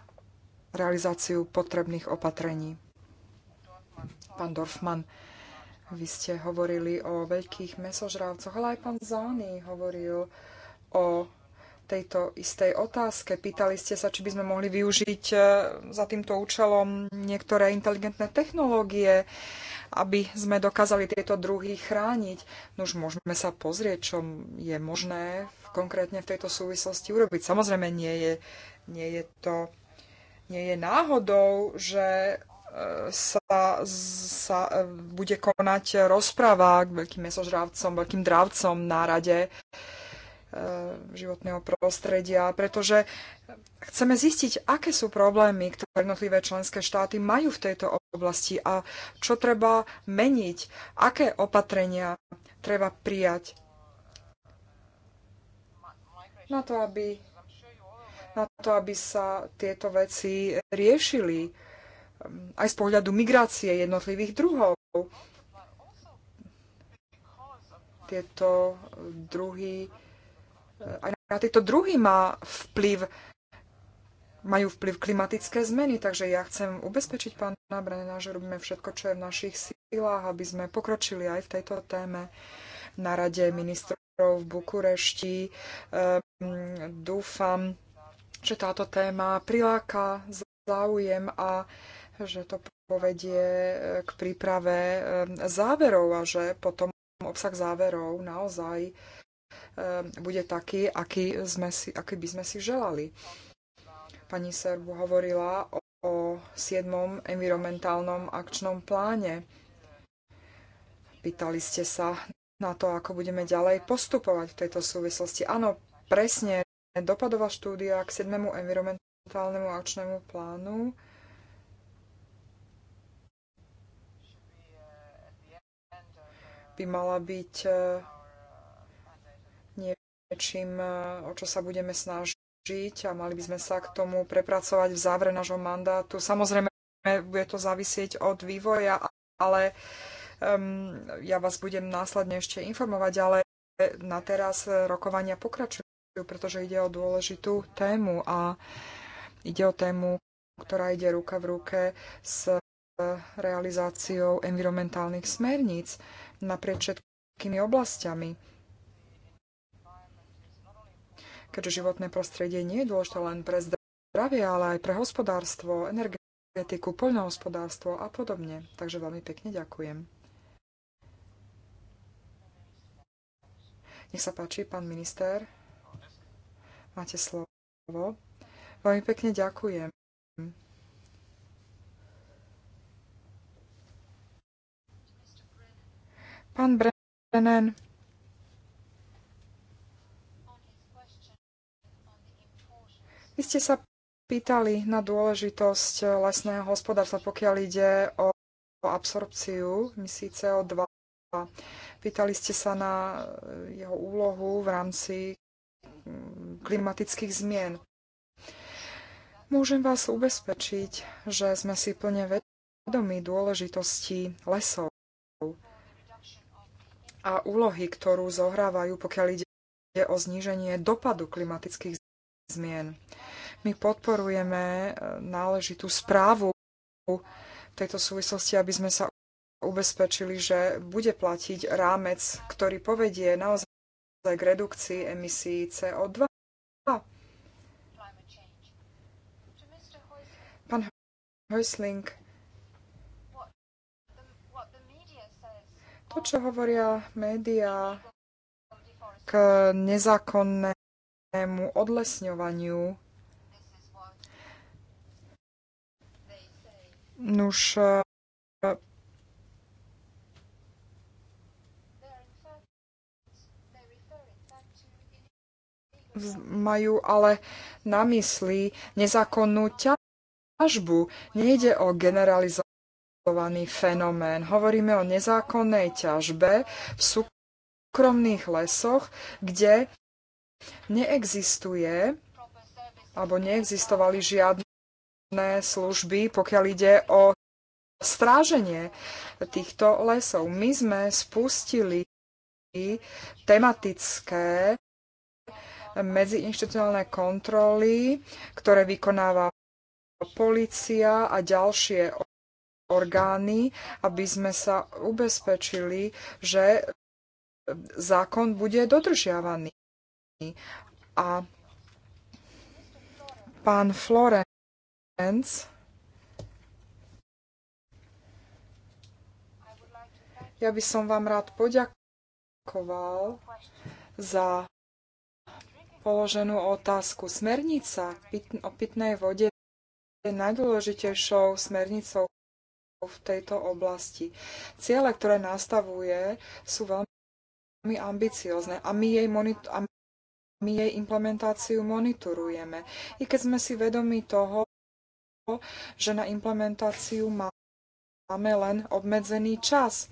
realizáciu potrebných opatrení. Pán Dorfman, vy ste hovorili o veľkých mesožravcoch, ale aj pán Zány hovoril o tejto istej otázke. Pýtali ste sa, či by sme mohli využiť e, za týmto účelom niektoré inteligentné technológie, aby sme dokázali tieto druhy chrániť. No už môžeme sa pozrieť, čo je možné konkrétne v tejto súvislosti urobiť. Samozrejme, nie je, nie je to nie je náhodou, že sa, sa e, bude konať rozpráva k veľkým mesožrávcom, veľkým drávcom na rade e, životného prostredia, pretože chceme zistiť, aké sú problémy, ktoré jednotlivé členské štáty majú v tejto oblasti a čo treba meniť, aké opatrenia treba prijať na to, aby, na to, aby sa tieto veci riešili aj z pohľadu migrácie jednotlivých druhov. Tieto druhy, eh, aj na tieto druhy má vplyv, majú vplyv klimatické zmeny, takže ja chcem ubezpečiť pána Brenena, že robíme všetko, čo je v našich silách, aby sme pokročili aj v tejto téme na rade ministrov v Bukurešti. Ehm, dúfam, že táto téma priláka záujem a že to povedie eh, k príprave eh, záverov a že potom obsah záverov naozaj eh, bude taký, aký, sme si, aký by sme si želali. Pani Serbu hovorila o, o 7. environmentálnom akčnom pláne. Pýtali ste sa na to, ako budeme ďalej postupovať v tejto súvislosti. Áno, presne, dopadová štúdia k 7. environmentálnemu akčnému plánu by mala byť e, niečím, e, o čo sa budeme snažiť a mali by sme sa k tomu prepracovať v závere nášho mandátu. Samozrejme, bude to závisieť od vývoja, ale um, ja vás budem následne ešte informovať, ale na teraz rokovania pokračujú, pretože ide o dôležitú tému a ide o tému, ktorá ide ruka v ruke s e, realizáciou environmentálnych smerníc naprieč všetkými oblastiami. Keďže životné prostredie nie je dôležité len pre zdravie, ale aj pre hospodárstvo, energetiku, poľnohospodárstvo a podobne. Takže veľmi pekne ďakujem. Nech sa páči, pán minister. Máte slovo. Veľmi pekne ďakujem. Pán Brennan, vy ste sa pýtali na dôležitosť lesného hospodárstva, pokiaľ ide o absorpciu emisí CO2. Pýtali ste sa na jeho úlohu v rámci mm, klimatických zmien. Môžem vás ubezpečiť, že sme si plne vedomi dôležitosti lesov a úlohy, ktorú zohrávajú, pokiaľ ide o zníženie dopadu klimatických zmien. My podporujeme e, náležitú správu v tejto súvislosti, aby sme sa ubezpečili, že bude platiť rámec, ktorý povedie naozaj k redukcii emisí CO2. Pán Heusling, To, čo hovoria médiá k nezákonnému odlesňovaniu, nuž e, majú ale na mysli nezákonnú ťažbu. Nejde o generalizáciu fenomén. Hovoríme o nezákonnej ťažbe v súkromných lesoch, kde neexistuje alebo neexistovali žiadne služby, pokiaľ ide o stráženie týchto lesov. My sme spustili tematické medziinštitucionálne kontroly, ktoré vykonáva policia a ďalšie orgány, aby sme sa ubezpečili, že zákon bude dodržiavaný. A pán Florenc Ja by som vám rád poďakoval za položenú otázku. Smernica o pitnej vode je najdôležitejšou smernicou v tejto oblasti. Ciele, ktoré nastavuje, sú veľmi ambiciozne a my jej, monitor- a my jej implementáciu monitorujeme. I keď sme si vedomi toho, že na implementáciu máme len obmedzený čas.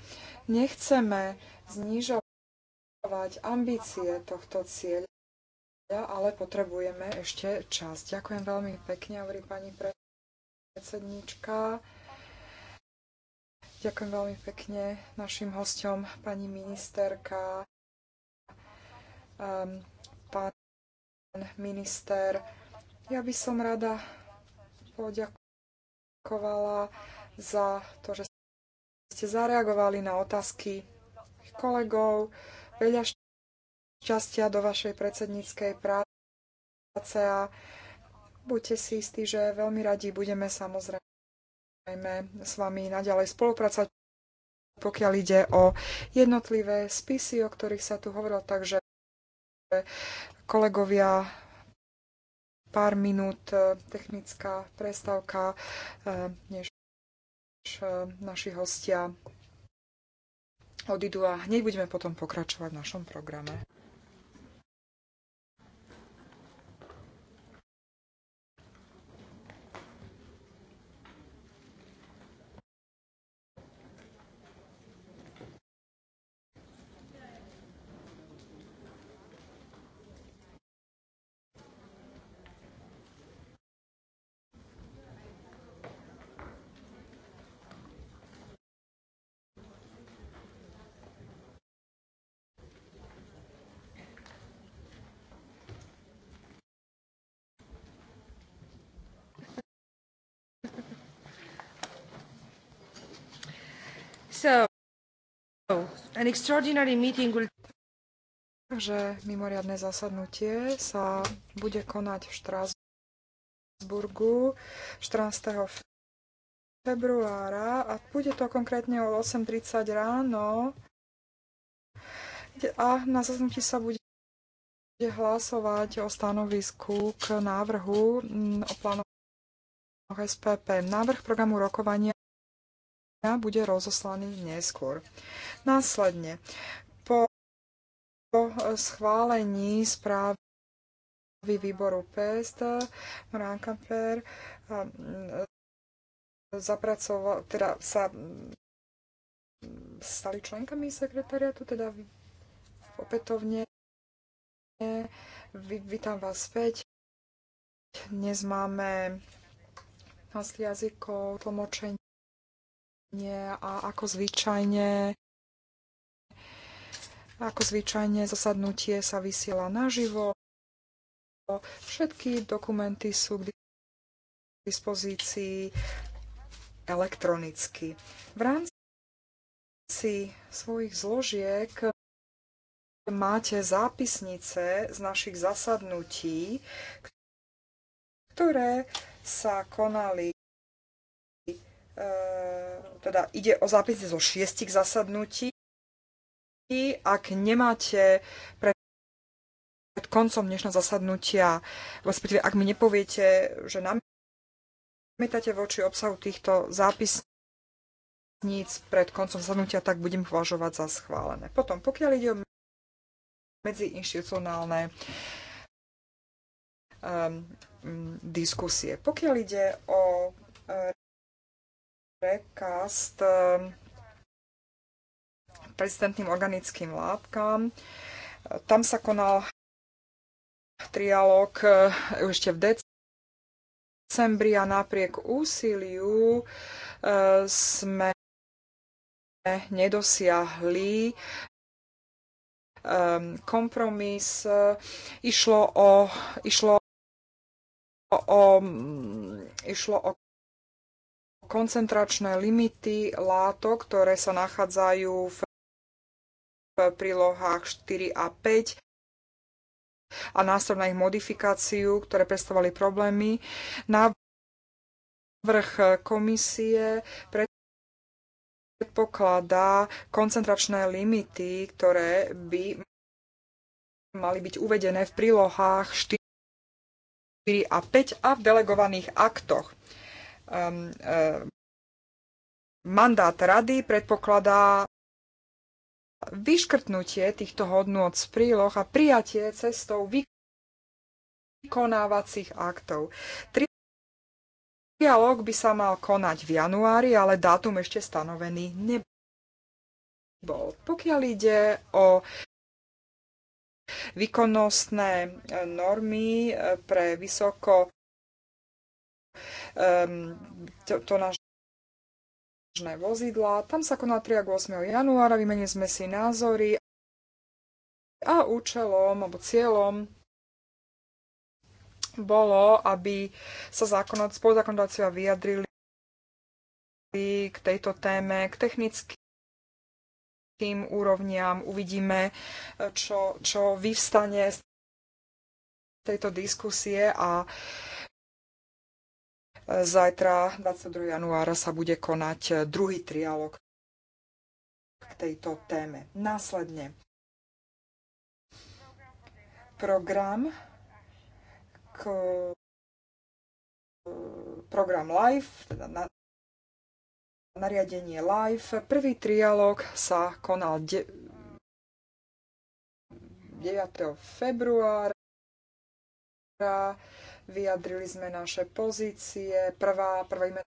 Nechceme znižovať ambície tohto cieľa, ale potrebujeme ešte čas. Ďakujem veľmi pekne, hovorí pani predsednička. Ďakujem veľmi pekne našim hostom, pani ministerka, um, pán minister. Ja by som rada poďakovala za to, že ste zareagovali na otázky kolegov. Veľa šťastia do vašej predsedníckej práce a buďte si istí, že veľmi radi budeme samozrejme samozrejme s vami naďalej spolupracovať, pokiaľ ide o jednotlivé spisy, o ktorých sa tu hovorilo. Takže kolegovia, pár minút e, technická prestávka, e, než e, naši hostia odídu a hneď budeme potom pokračovať v našom programe. Takže mimoriadne zasadnutie sa bude konať v Štrásburgu 14. februára a bude to konkrétne o 8.30 ráno a na zasadnutí sa bude hlasovať o stanovisku k návrhu mm, o plánoch SPP. Návrh programu rokovania bude rozoslaný neskôr. Následne, po schválení správy výboru PEST, Morán Kamper zapracoval, teda sa stali členkami sekretariatu, teda opätovne vítam vás späť. Dnes máme 15 jazykov, tlmočenie nie, a ako zvyčajne ako zvyčajne zasadnutie sa vysiela naživo. Všetky dokumenty sú k dispozícii elektronicky. V rámci svojich zložiek máte zápisnice z našich zasadnutí, ktoré sa konali eh, teda ide o zápisy zo šiestich zasadnutí. Ak nemáte pre pred koncom dnešného zasadnutia, respektíve ak mi nepoviete, že namietate voči obsahu týchto zápisníc pred koncom zasadnutia, tak budem považovať za schválené. Potom, pokiaľ ide o medziinstitucionálne um, diskusie, pokiaľ ide o prekast ehm, prezidentným organickým látkám. Tam sa konal trialog eh, ešte v decembri a napriek úsiliu eh, sme nedosiahli ehm, kompromis. Išlo o, išlo o, išlo o koncentračné limity látok, ktoré sa nachádzajú v prílohách 4 a 5 a nástroj na ich modifikáciu, ktoré predstavovali problémy. Návrh komisie predpokladá koncentračné limity, ktoré by mali byť uvedené v prílohách 4 a 5 a v delegovaných aktoch. Ehm, ehm, mandát rady predpokladá vyškrtnutie týchto hodnôt z príloh a prijatie cestou vykonávacích aktov. Trialóg by sa mal konať v januári, ale dátum ešte stanovený nebol. Pokiaľ ide o výkonnostné normy eh, pre vysoko Ehm, to, to naš vozidla. Tam sa koná 3 a 8. januára, vymenili sme si názory a účelom alebo cieľom bolo, aby sa zákonod, spoluzákonodácia vyjadrili k tejto téme, k technickým úrovniam. Uvidíme, čo, čo vyvstane z tejto diskusie a uh, Zajtra, 22. januára, sa bude konať druhý trialog k tejto téme. Následne program k program live, teda na, nariadenie live. Prvý trialog sa konal de, 9. februára vyjadrili sme naše pozície. Prvá, prvá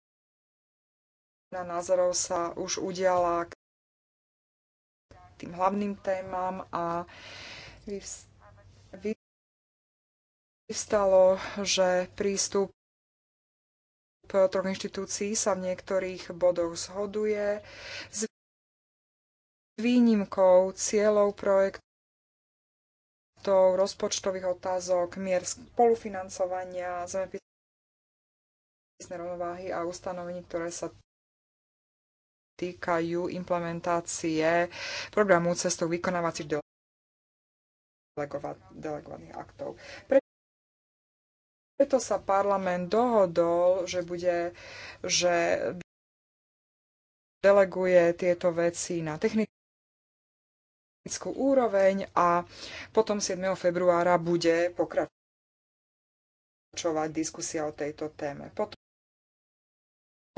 na názorov sa už udiala k tým hlavným témam a vyvstalo, že prístup troch inštitúcií sa v niektorých bodoch zhoduje s výnimkou cieľov projektu projektov, rozpočtových otázok, mier spolufinancovania, zemepisné rovnováhy a ustanovení, ktoré sa týkajú implementácie programu cestou vykonávacích delegovaných aktov. Preto sa parlament dohodol, že bude, že deleguje tieto veci na technické politickú úroveň a potom 7. februára bude pokračovať diskusia o tejto téme. Potom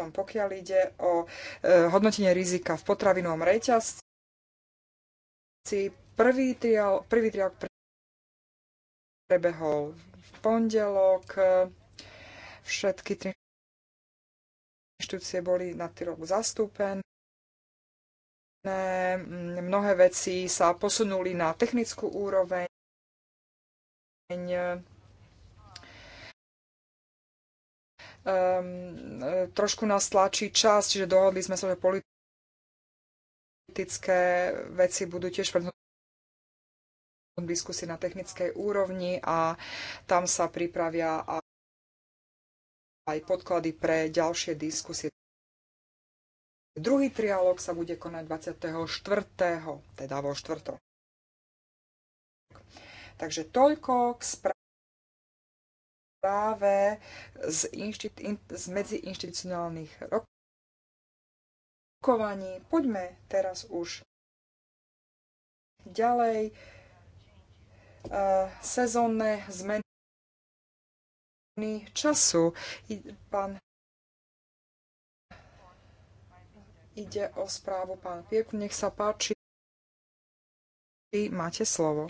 pokiaľ ide o e, hodnotenie rizika v potravinovom reťazci, prvý triál, prvý triál prebehol v pondelok. Všetky tri inštitúcie boli na tý rok zastúpené. Mm, mnohé veci sa posunuli na technickú úroveň. Ehm, e, trošku nás tlačí čas, čiže dohodli sme sa, že politické veci budú tiež diskusie na technickej úrovni a tam sa pripravia aj podklady pre ďalšie diskusie. Druhý trialog sa bude konať 24. teda vo štvrtok. Takže toľko k správe z, inštit, in, z medziinstitucionálnych rokovaní. Poďme teraz už ďalej. E, sezónne zmeny času. Pán ide o správu pán Pieku. Nech sa páči. Máte slovo.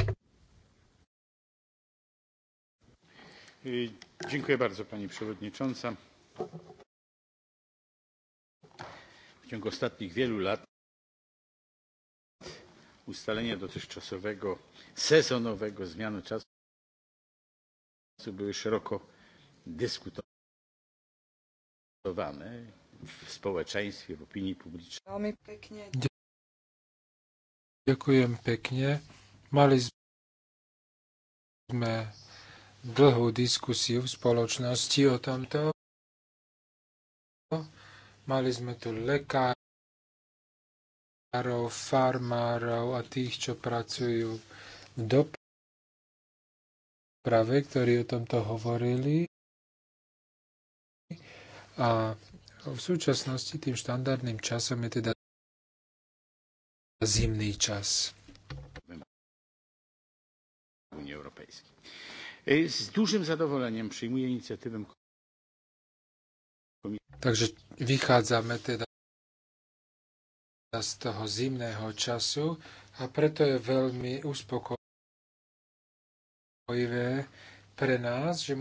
Dziękuję bardzo pani przewodnicząca. W ciągu ostatnich wielu lat ustalenia dotychczasowego sezonowego zmiany czasu były szeroko dyskutowane v spoločenstve, v opinii publicznej. Veľmi pekne. Ďakujem pekne. Mali sme dlhú diskusiu v spoločnosti o tomto. Mali sme tu lekárov, farmárov a tých, čo pracujú v doprave, ktorí o tomto hovorili. A v súčasnosti tým štandardným časom je teda zimný čas. Unii Europejskiej. E, Takže vychádzame teda z toho zimného času a preto je veľmi uspokojivé pre nás, že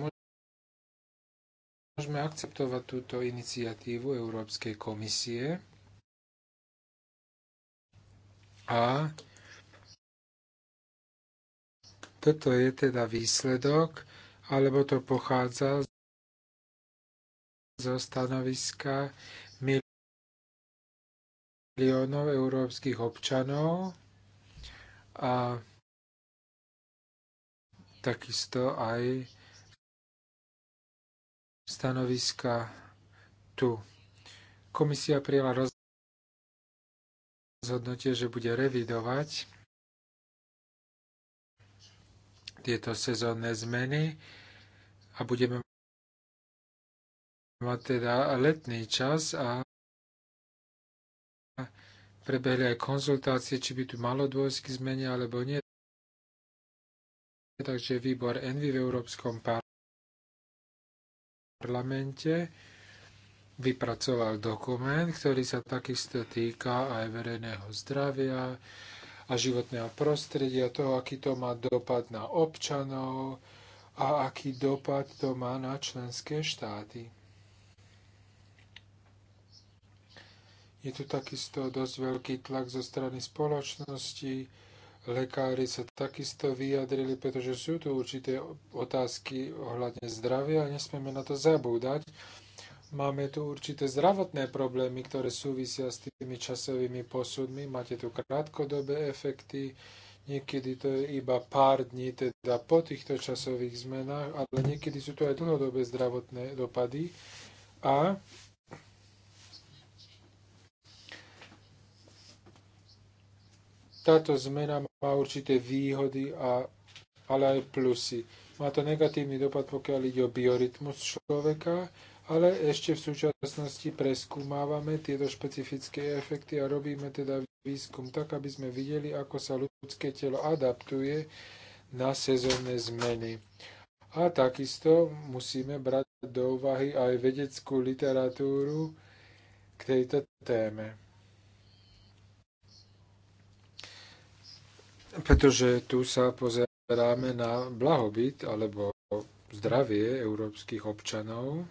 Môžeme akceptovať túto iniciatívu Európskej komisie a toto je teda výsledok, alebo to pochádza zo stanoviska miliónov európskych občanov a takisto aj stanoviska tu. Komisia prijala rozhodnutie, že bude revidovať tieto sezónne zmeny a budeme mať teda letný čas a prebehli aj konzultácie, či by tu malo dôjsť k zmene alebo nie. Takže výbor Envy v Európskom parlamentu parlamente vypracoval dokument, ktorý sa takisto týka aj verejného zdravia a životného prostredia, toho, aký to má dopad na občanov a aký dopad to má na členské štáty. Je tu takisto dosť veľký tlak zo strany spoločnosti, Lekári sa takisto vyjadrili, pretože sú tu určité otázky ohľadne zdravia a nesmieme na to zabúdať. Máme tu určité zdravotné problémy, ktoré súvisia s tými časovými posudmi. Máte tu krátkodobé efekty, niekedy to je iba pár dní, teda po týchto časových zmenách, ale niekedy sú to aj dlhodobé zdravotné dopady. A táto zmena má určité výhody, a, ale aj plusy. Má to negatívny dopad, pokiaľ ide o biorytmus človeka, ale ešte v súčasnosti preskúmávame tieto špecifické efekty a robíme teda výskum tak, aby sme videli, ako sa ľudské telo adaptuje na sezónne zmeny. A takisto musíme brať do úvahy aj vedeckú literatúru k tejto téme. pretože tu sa pozeráme na blahobyt alebo zdravie európskych občanov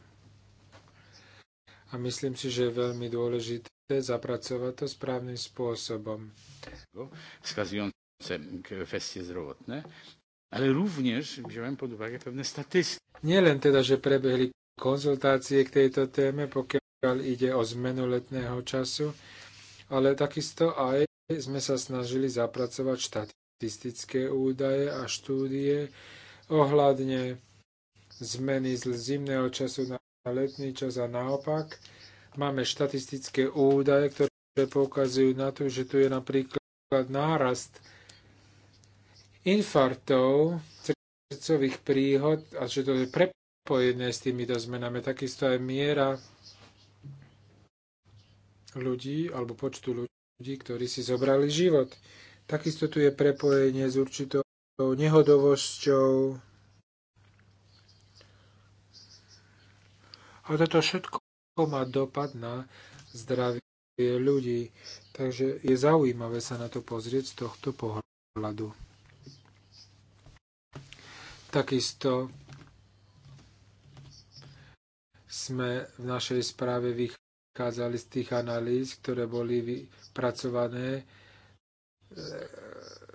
a myslím si, že je veľmi dôležité zapracovať to správnym spôsobom. Wskazujące kwestie zdravotné. ale również wziąłem pod úvahy pevné statistiky. Nie len teda, že prebehli konzultácie k tejto téme, pokiaľ ide o zmenu letného času, ale takisto aj sme sa snažili zapracovať štatistické údaje a štúdie ohľadne zmeny z zimného času na letný čas a naopak. Máme štatistické údaje, ktoré poukazujú na to, že tu je napríklad nárast infartov, srdcových príhod a že to je prepojené s týmito zmenami. Takisto aj miera ľudí alebo počtu ľudí, ľudí, ktorí si zobrali život. Takisto tu je prepojenie s určitou nehodovosťou. A toto všetko má dopad na zdravie ľudí. Takže je zaujímavé sa na to pozrieť z tohto pohľadu. Takisto sme v našej správe vychádzali vychádzali z tých analýz, ktoré boli vypracované e,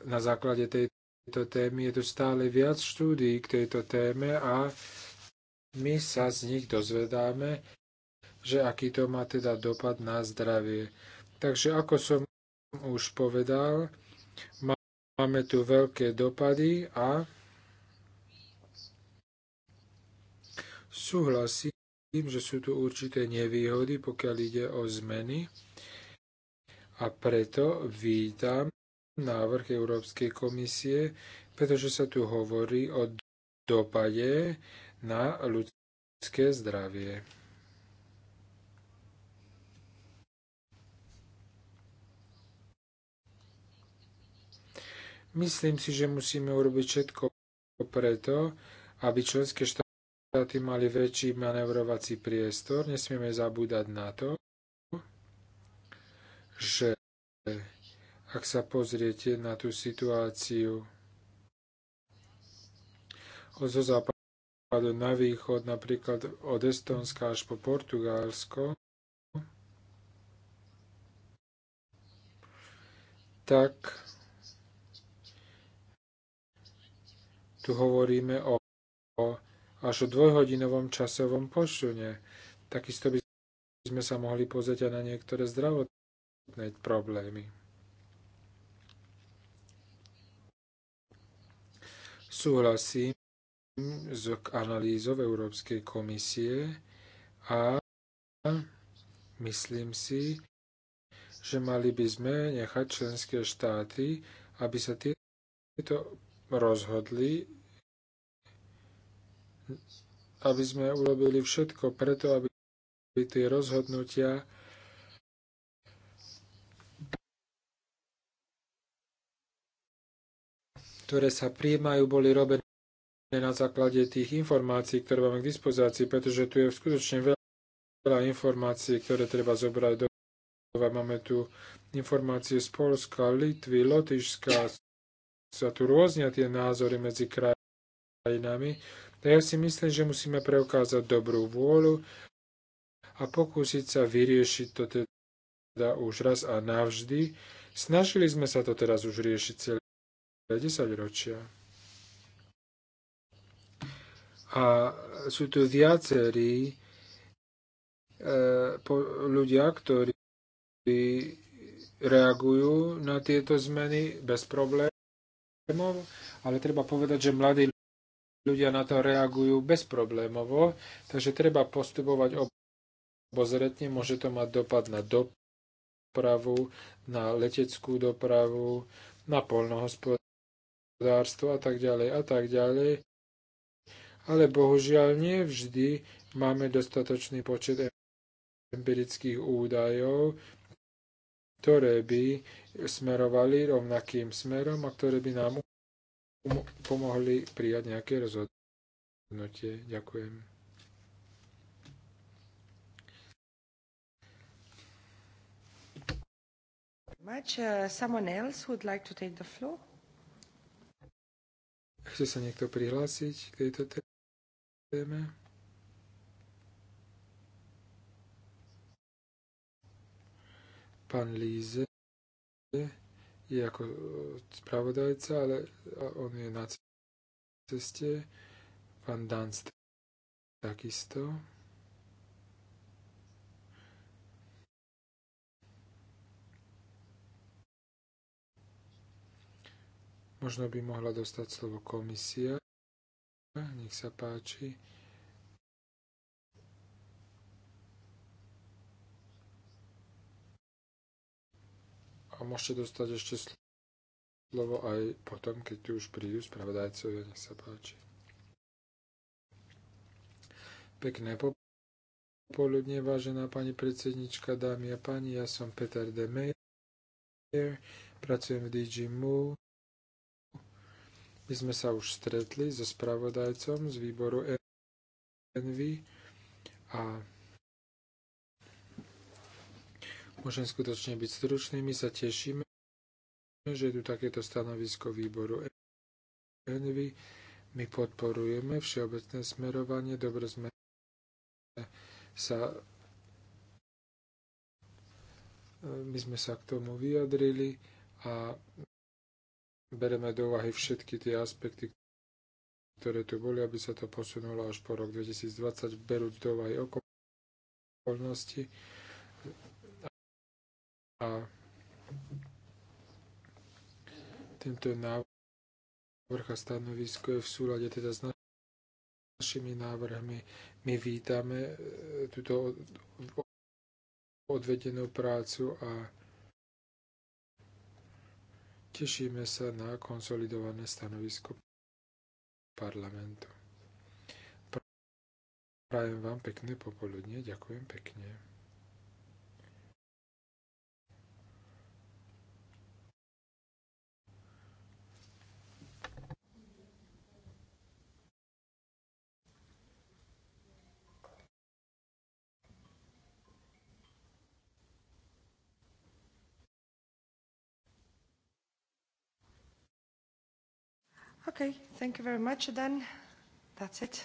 na základe tejto témy. Je tu stále viac štúdií k tejto téme a my sa z nich dozvedáme, že aký to má teda dopad na zdravie. Takže ako som už povedal, máme tu veľké dopady a súhlasím tým, že sú tu určité nevýhody, pokiaľ ide o zmeny. A preto vítam návrh Európskej komisie, pretože sa tu hovorí o dopade na ľudské zdravie. Myslím si, že musíme urobiť všetko preto, aby členské štáty štáty mali väčší manevrovací priestor. Nesmieme zabúdať na to, že ak sa pozriete na tú situáciu zo západu na východ, napríklad od Estonska až po Portugalsko, tak tu hovoríme o, o až o dvojhodinovom časovom posune. Takisto by sme sa mohli pozrieť aj na niektoré zdravotné problémy. Súhlasím s analýzou Európskej komisie a myslím si, že mali by sme nechať členské štáty, aby sa tieto rozhodli aby sme urobili všetko preto, aby tie rozhodnutia ktoré sa príjmajú, boli robené na základe tých informácií, ktoré máme k dispozácii, pretože tu je skutočne veľa, veľa informácií, ktoré treba zobrať do Máme tu informácie z Polska, Litvy, Lotyšska. Sa tu rôznia tie názory medzi krajinami. Ja si myslím, že musíme preukázať dobrú vôľu a pokúsiť sa vyriešiť to teda už raz a navždy. Snažili sme sa to teraz už riešiť celé 10 ročia. A sú tu viacerí e, po, ľudia, ktorí reagujú na tieto zmeny bez problémov, ale treba povedať, že mladí ľudia na to reagujú bezproblémovo, takže treba postupovať obozretne, môže to mať dopad na dopravu, na leteckú dopravu, na polnohospodárstvo a tak ďalej a tak ďalej. Ale bohužiaľ nie vždy máme dostatočný počet empirických údajov, ktoré by smerovali rovnakým smerom a ktoré by nám pomohli prijať nejaké rozhodnutie. Ďakujem. much. Uh, someone else would like to take the floor? Chce sa niekto prihlásiť k tejto téme? Pán Líze je ako e, spravodajca, ale on je na ceste. Pán Danst takisto. Možno by mohla dostať slovo komisia. Nech sa páči. a môžete dostať ešte slovo aj potom, keď tu už prídu spravodajcovia, nech sa páči. Pekné popoludne, vážená pani predsednička, dámy a páni, ja som Peter Demeyer, pracujem v DG Move. My sme sa už stretli so spravodajcom z výboru Envy a Môžem skutočne byť stručný. My sa tešíme, že je tu takéto stanovisko výboru Envy. My podporujeme všeobecné smerovanie. Dobre sme sa my sme sa k tomu vyjadrili a bereme do úvahy všetky tie aspekty, ktoré tu boli, aby sa to posunulo až po rok 2020, berúť do úvahy okolnosti. A tento návrh a stanovisko je v súlade teda s našimi návrhmi. My vítame e, túto odvedenú prácu a tešíme sa na konsolidované stanovisko parlamentu. Prajem vám pekné popoludne, ďakujem pekne. Okay, thank you very much then. That's it.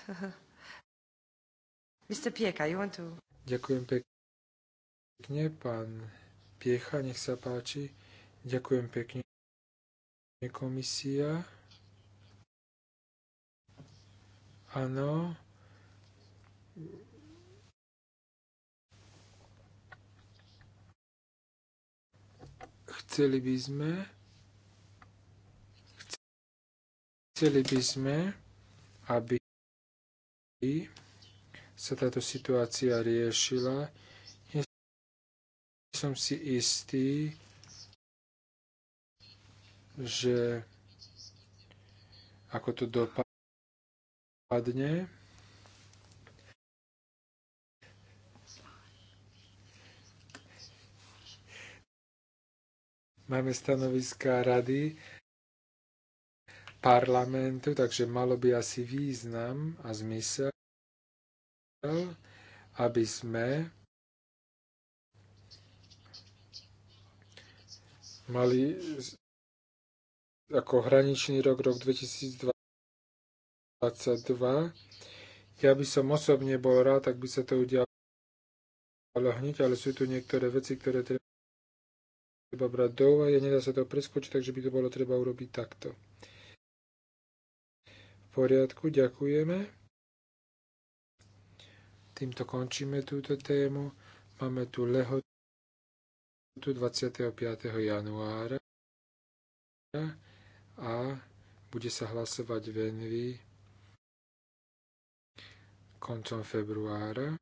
Mr. Pieka, you want to... Ďakujem pekne, pán Piecha, nech sa páči. Ďakujem pekne, komisia. Áno. Chceli by sme, Chceli by sme, aby sa táto situácia riešila. Nie som si istý, že ako to dopadne. Máme stanoviská rady parlamentu, takže malo by asi význam a zmysel, aby sme mali ako hraničný rok, rok 2022. Ja by som osobne bol rád, ak by sa to udialo hneď, ale sú tu niektoré veci, ktoré treba brať do úvahy. Nedá sa to preskočiť, takže by to bolo treba urobiť takto poriadku, ďakujeme. Týmto končíme túto tému. Máme tu lehotu 25. januára a bude sa hlasovať venvy koncom februára.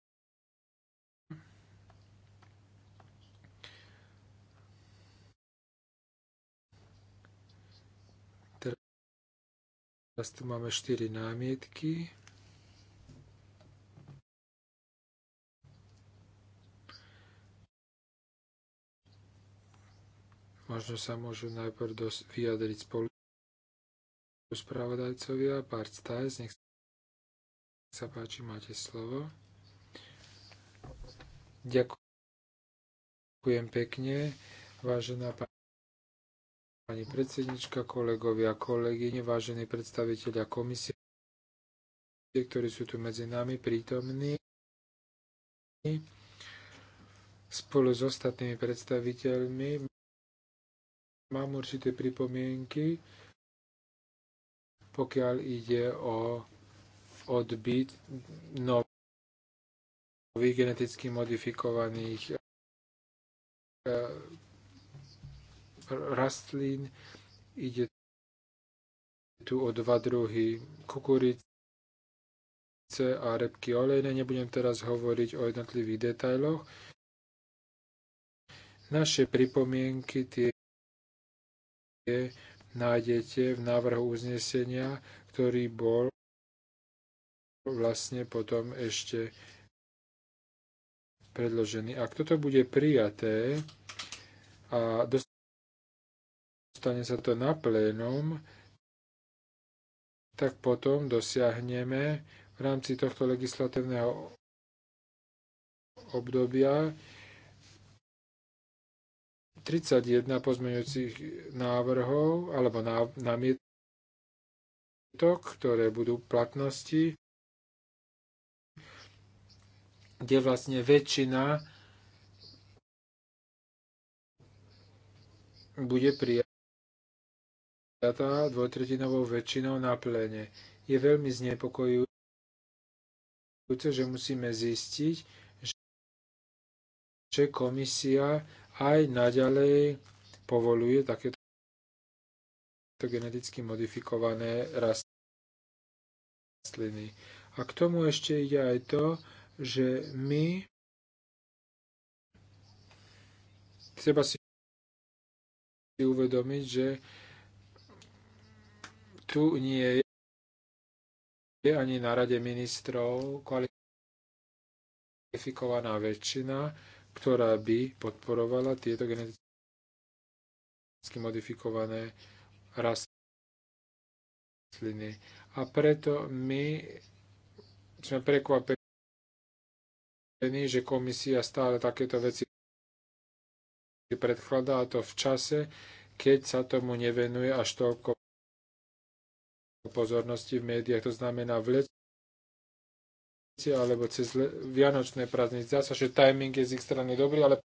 Teraz tu máme 4 námietky. Možno sa môžu najprv dosť vyjadriť spolu spravodajcovia. Bart Stajs, nech sa páči, máte slovo. Ďakujem pekne, vážená pani pani predsednička, kolegovia, kolegyne, vážení predstaviteľia komisie, ktorí sú tu medzi nami prítomní, spolu s ostatnými predstaviteľmi. Mám určité pripomienky, pokiaľ ide o odbyt nových geneticky modifikovaných rastlín. Ide tu o dva druhy kukurice a repky olejné. Nebudem teraz hovoriť o jednotlivých detailoch. Naše pripomienky tie nájdete v návrhu uznesenia, ktorý bol vlastne potom ešte predložený. Ak toto bude prijaté a stane sa to na plénum, tak potom dosiahneme v rámci tohto legislatívneho obdobia 31 pozmeňujúcich návrhov alebo námietok, ktoré budú v platnosti, kde vlastne väčšina bude prijatá prijatá dvojtretinovou väčšinou na plene. Je veľmi znepokojujúce, že musíme zistiť, že komisia aj naďalej povoluje takéto geneticky modifikované rastliny. A k tomu ešte ide aj to, že my treba si uvedomiť, že tu nie je ani na rade ministrov kvalifikovaná väčšina, ktorá by podporovala tieto geneticky modifikované rastliny. A preto my sme prekvapení, že komisia stále takéto veci predkladá a to v čase, keď sa tomu nevenuje až toľko pozornosti v médiách, to znamená v lete alebo cez le- vianočné prázdniny. Zdá sa, že timing je z ich strany dobrý, ale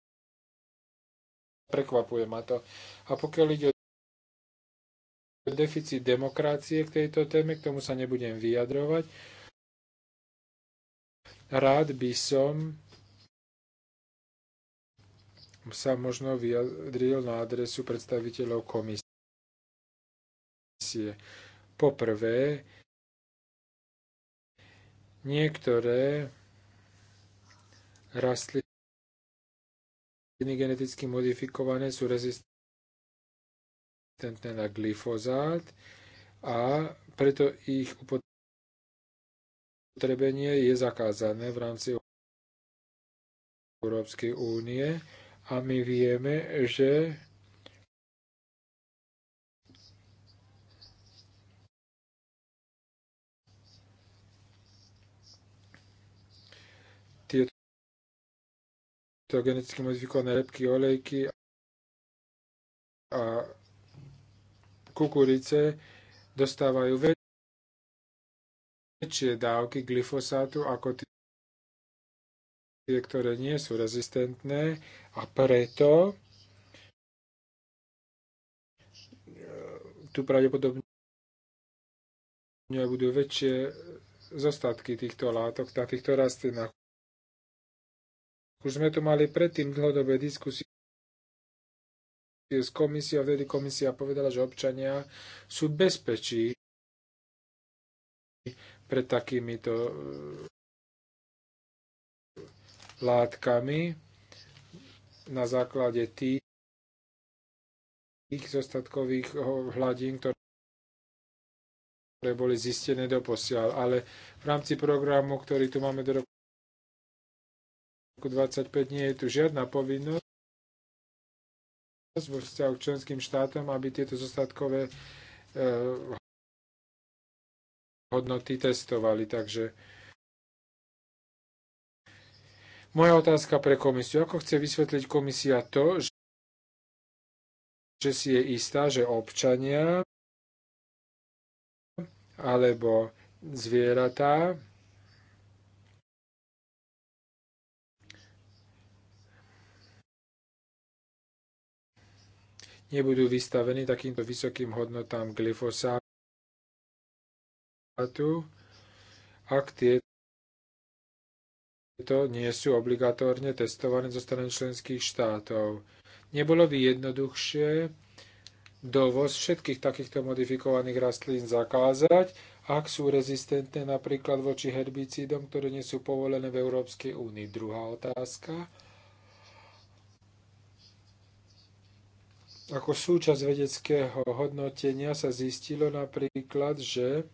prekvapuje ma to. A pokiaľ ide o deficit demokracie k tejto téme, k tomu sa nebudem vyjadrovať. Rád by som sa možno vyjadril na adresu predstaviteľov komisie. Poprvé, niektoré rastliny geneticky modifikované sú rezistentné na glyfozát a preto ich upotrebenie je zakázané v rámci Európskej únie a my vieme, že to geneticky modifikované repky, olejky a kukurice dostávajú väčšie dávky glyfosátu ako tie, ktoré nie sú rezistentné a preto e, tu pravdepodobne budú väčšie zostatky týchto látok na týchto rastlinách. Už sme tu mali predtým dlhodobé diskusie s komisiou, vtedy komisia povedala, že občania sú bezpečí pred takýmito eh, látkami na základe tých, zostatkových hladín, ktoré boli zistené doposiaľ. Ale v rámci programu, ktorý tu máme do roku 25 nie je tu žiadna povinnosť vo vzťahu k členským štátom, aby tieto zostatkové e, hodnoty testovali. Takže moja otázka pre komisiu. Ako chce vysvetliť komisia to, že si je istá, že občania alebo zvieratá nebudú vystavení takýmto vysokým hodnotám glyfosátu, ak tieto nie sú obligatórne testované zo strany členských štátov. Nebolo by jednoduchšie dovoz všetkých takýchto modifikovaných rastlín zakázať, ak sú rezistentné napríklad voči herbicídom, ktoré nie sú povolené v Európskej únii. Druhá otázka Ako súčasť vedeckého hodnotenia sa zistilo napríklad, že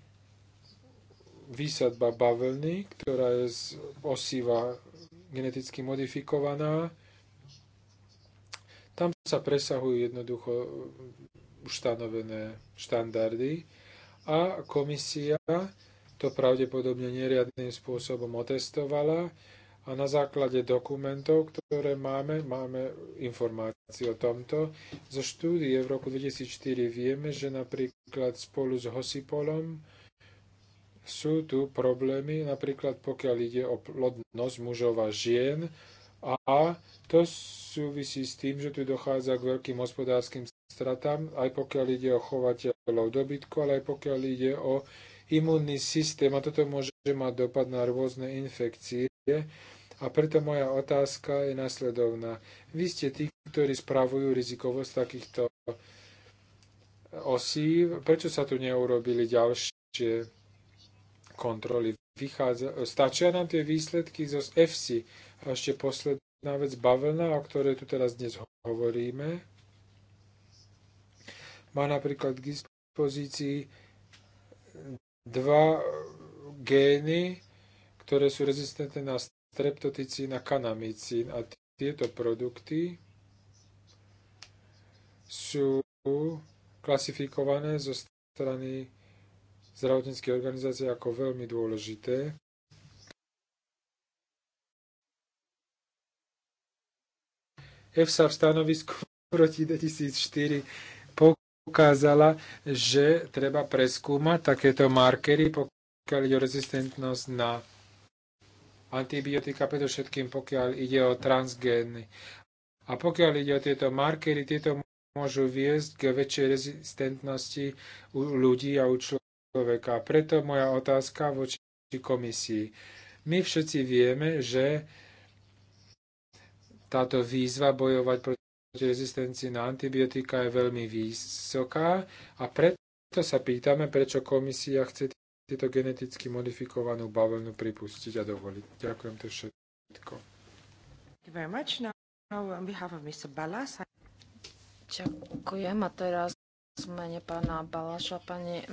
výsadba bavlny, ktorá je z osiva geneticky modifikovaná, tam sa presahujú jednoducho ustanovené štandardy a komisia to pravdepodobne neriadným spôsobom otestovala a na základe dokumentov, ktoré máme, máme informácie o tomto. Zo štúdie v roku 2004 vieme, že napríklad spolu s Hosipolom sú tu problémy, napríklad pokiaľ ide o plodnosť mužov a žien, a to súvisí s tým, že tu dochádza k veľkým hospodárskym stratám, aj pokiaľ ide o chovateľov dobytku, ale aj pokiaľ ide o imunný systém. A toto môže mať dopad na rôzne infekcie. A preto moja otázka je nasledovná. Vy ste tí, ktorí spravujú rizikovosť takýchto osí. Prečo sa tu neurobili ďalšie kontroly? Vychádza, stačia nám tie výsledky zo FC. A ešte posledná vec, bavlna, o ktorej tu teraz dnes hovoríme, má napríklad k dispozícii dva gény, ktoré sú rezistentné na streptoticín a kanamicín. A tieto produkty sú klasifikované zo strany zdravotníckej organizácie ako veľmi dôležité. EFSA v stanovisku proti 2004 poukázala, že treba preskúmať takéto markery, pokiaľ ide o rezistentnosť na antibiotika, predovšetkým pokiaľ ide o transgény. A pokiaľ ide o tieto markery, tieto môžu viesť k väčšej rezistentnosti u ľudí a u človeka. Preto moja otázka voči komisii. My všetci vieme, že táto výzva bojovať proti rezistencii na antibiotika je veľmi vysoká a preto sa pýtame, prečo komisia chce tieto geneticky modifikovanú bavlnu pripustiť a dovoliť. Ďakujem to všetko. Ďakujem a teraz mene pána Balaša, pani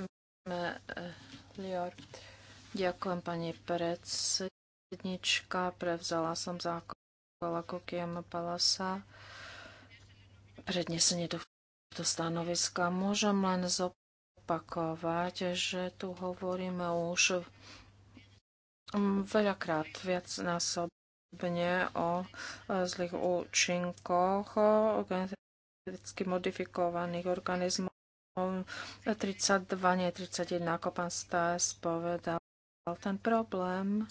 Lior. Ďakujem pani predsednička, prevzala som zákon ako Kiama Balasa. Prednesenie tohto stanoviska môžem len zopakovať opakovať, že tu hovoríme už veľakrát viac násobne o zlých účinkoch geneticky modifikovaných organizmov 32, nie 31, ako pán Stas povedal. Ten problém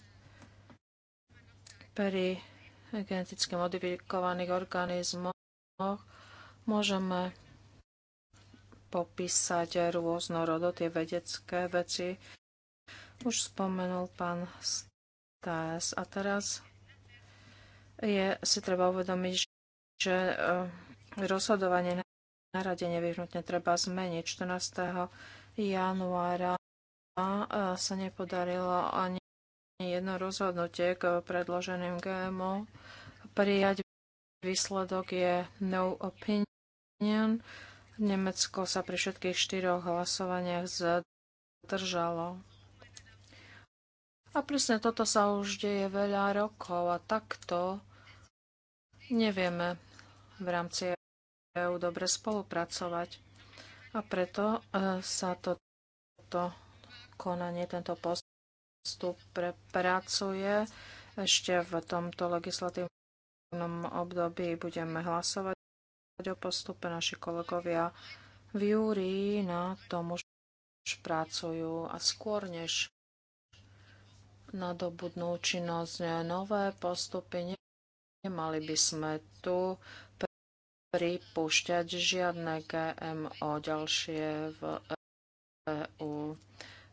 pri geneticky modifikovaných organizmoch môžeme popísať rôznorodo tie vedecké veci. Už spomenul pán Stas. A teraz je si treba uvedomiť, že e, rozhodovanie na rade nevyhnutne treba zmeniť. 14. januára e, sa nepodarilo ani jedno rozhodnutie k predloženým GMO prijať. Výsledok je no opinion. Nemecko sa pri všetkých štyroch hlasovaniach zdržalo. A presne toto sa už deje veľa rokov a takto nevieme v rámci EU dobre spolupracovať. A preto e, sa toto konanie, tento postup prepracuje ešte v tomto legislatívnom období budeme hlasovať o postupe naši kolegovia v júri na tom už pracujú a skôr než nadobudnú činnosť nové postupy. Nemali by sme tu pripúšťať žiadne GMO ďalšie v EU.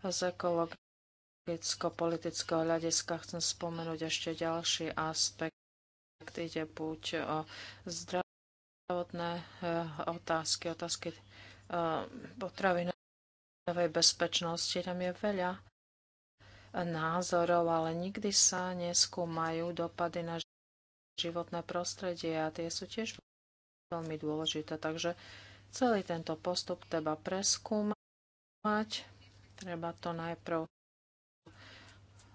Z ekologicko-politického hľadiska chcem spomenúť ešte ďalší aspekt. Ide buď o zdravie, zdravotné eh, otázky, otázky eh, potravinovej bezpečnosti. Tam je veľa názorov, ale nikdy sa neskúmajú dopady na životné prostredie a tie sú tiež veľmi dôležité. Takže celý tento postup treba preskúmať. Treba to najprv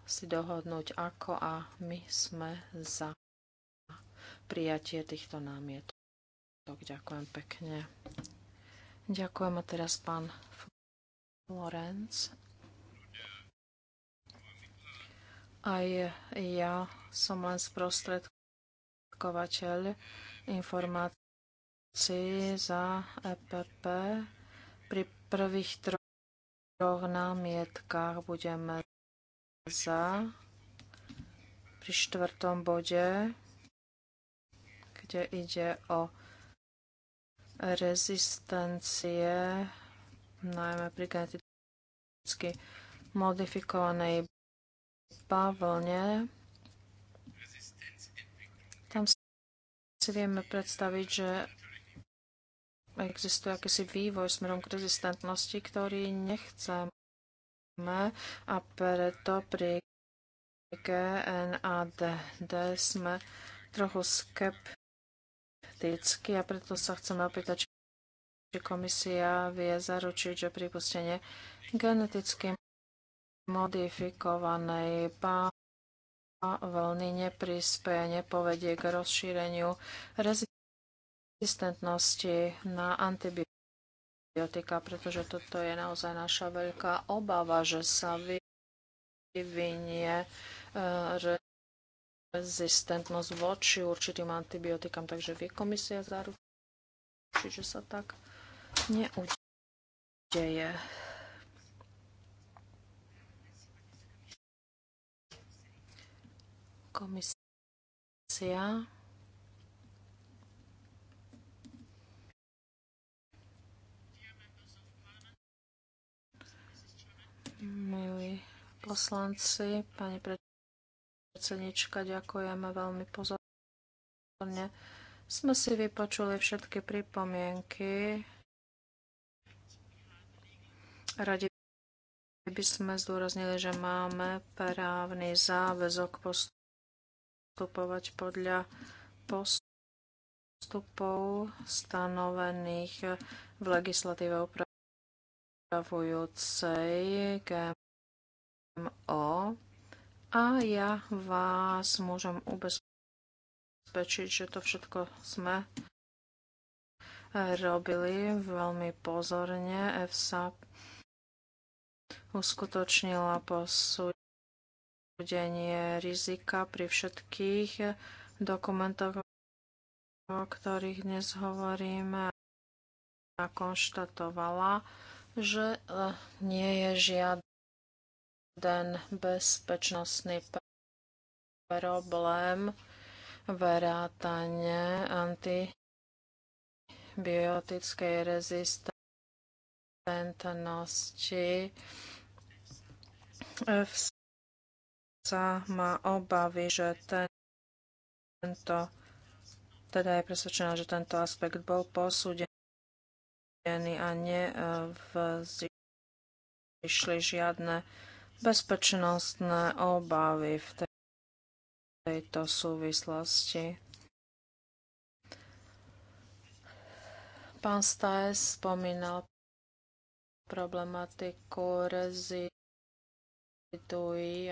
si dohodnúť, ako a my sme za prijatie týchto námietov. Tak ďakujem pekne. Ďakujem a teraz pán Florenc. Aj ja som len sprostredkovateľ informácií za EPP. Pri prvých troch námietkách budeme za. Pri štvrtom bode, kde ide o rezistencie, najmä pri geneticky modifikovanej bavlne. Tam si vieme predstaviť, že existuje akýsi vývoj smerom k rezistentnosti, ktorý nechceme a preto pri GNADD sme trochu skeptickí prakticky a preto sa chcem opýtať, či komisia vie zaručiť, že pripustenie geneticky modifikovanej pavlny neprispieje, nepovedie k rozšíreniu rezistentnosti na antibiotika pretože toto je naozaj naša veľká obava, že sa vyvinie e, rezistentnosť voči určitým antibiotikám, takže vie komisia zaručiť, že sa tak neudeje. Komisia Milí poslanci, pani pred Cenička, ďakujeme veľmi pozorne. Sme si vypočuli všetky pripomienky. Radi by sme zdôraznili, že máme právny záväzok postupovať podľa postupov stanovených v legislatíve upravujúcej GMO. A ja vás môžem ubezpečiť, že to všetko sme eh, robili veľmi pozorne. EFSA uskutočnila posúdenie rizika pri všetkých dokumentoch, o ktorých dnes hovoríme a konštatovala, že eh, nie je žiadne jeden bezpečnostný problém vrátane antibiotickej rezistentnosti. sa má obavy, že tento teda je presvedčená, že tento aspekt bol posúdený a nevzýšli žiadne bezpečnostné obavy v tejto súvislosti. Pán Staes spomínal problematiku reziduí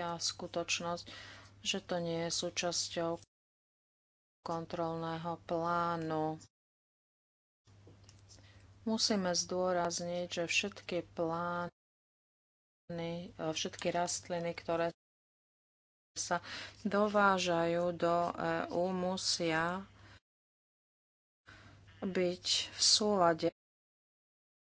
a skutočnosť, že to nie je súčasťou kontrolného plánu. Musíme zdôrazniť, že všetky plány E, všetky rastliny, ktoré sa dovážajú do EU. musia byť v súlade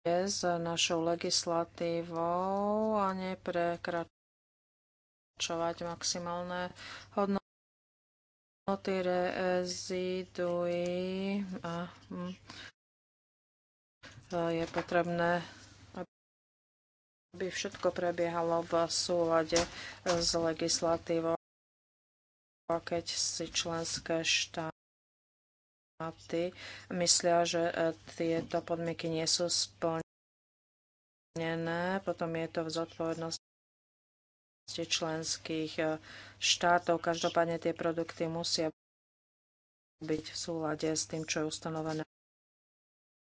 s našou legislatívou a neprekračovať maximálne hodnoty reziduí. A hm, e, je potrebné aby všetko prebiehalo v súlade s legislatívou, keď si členské štáty myslia, že e, tieto podmienky nie sú splnené, potom je to v zodpovednosti členských e, štátov. Každopádne tie produkty musia byť v súlade s tým, čo je ustanovené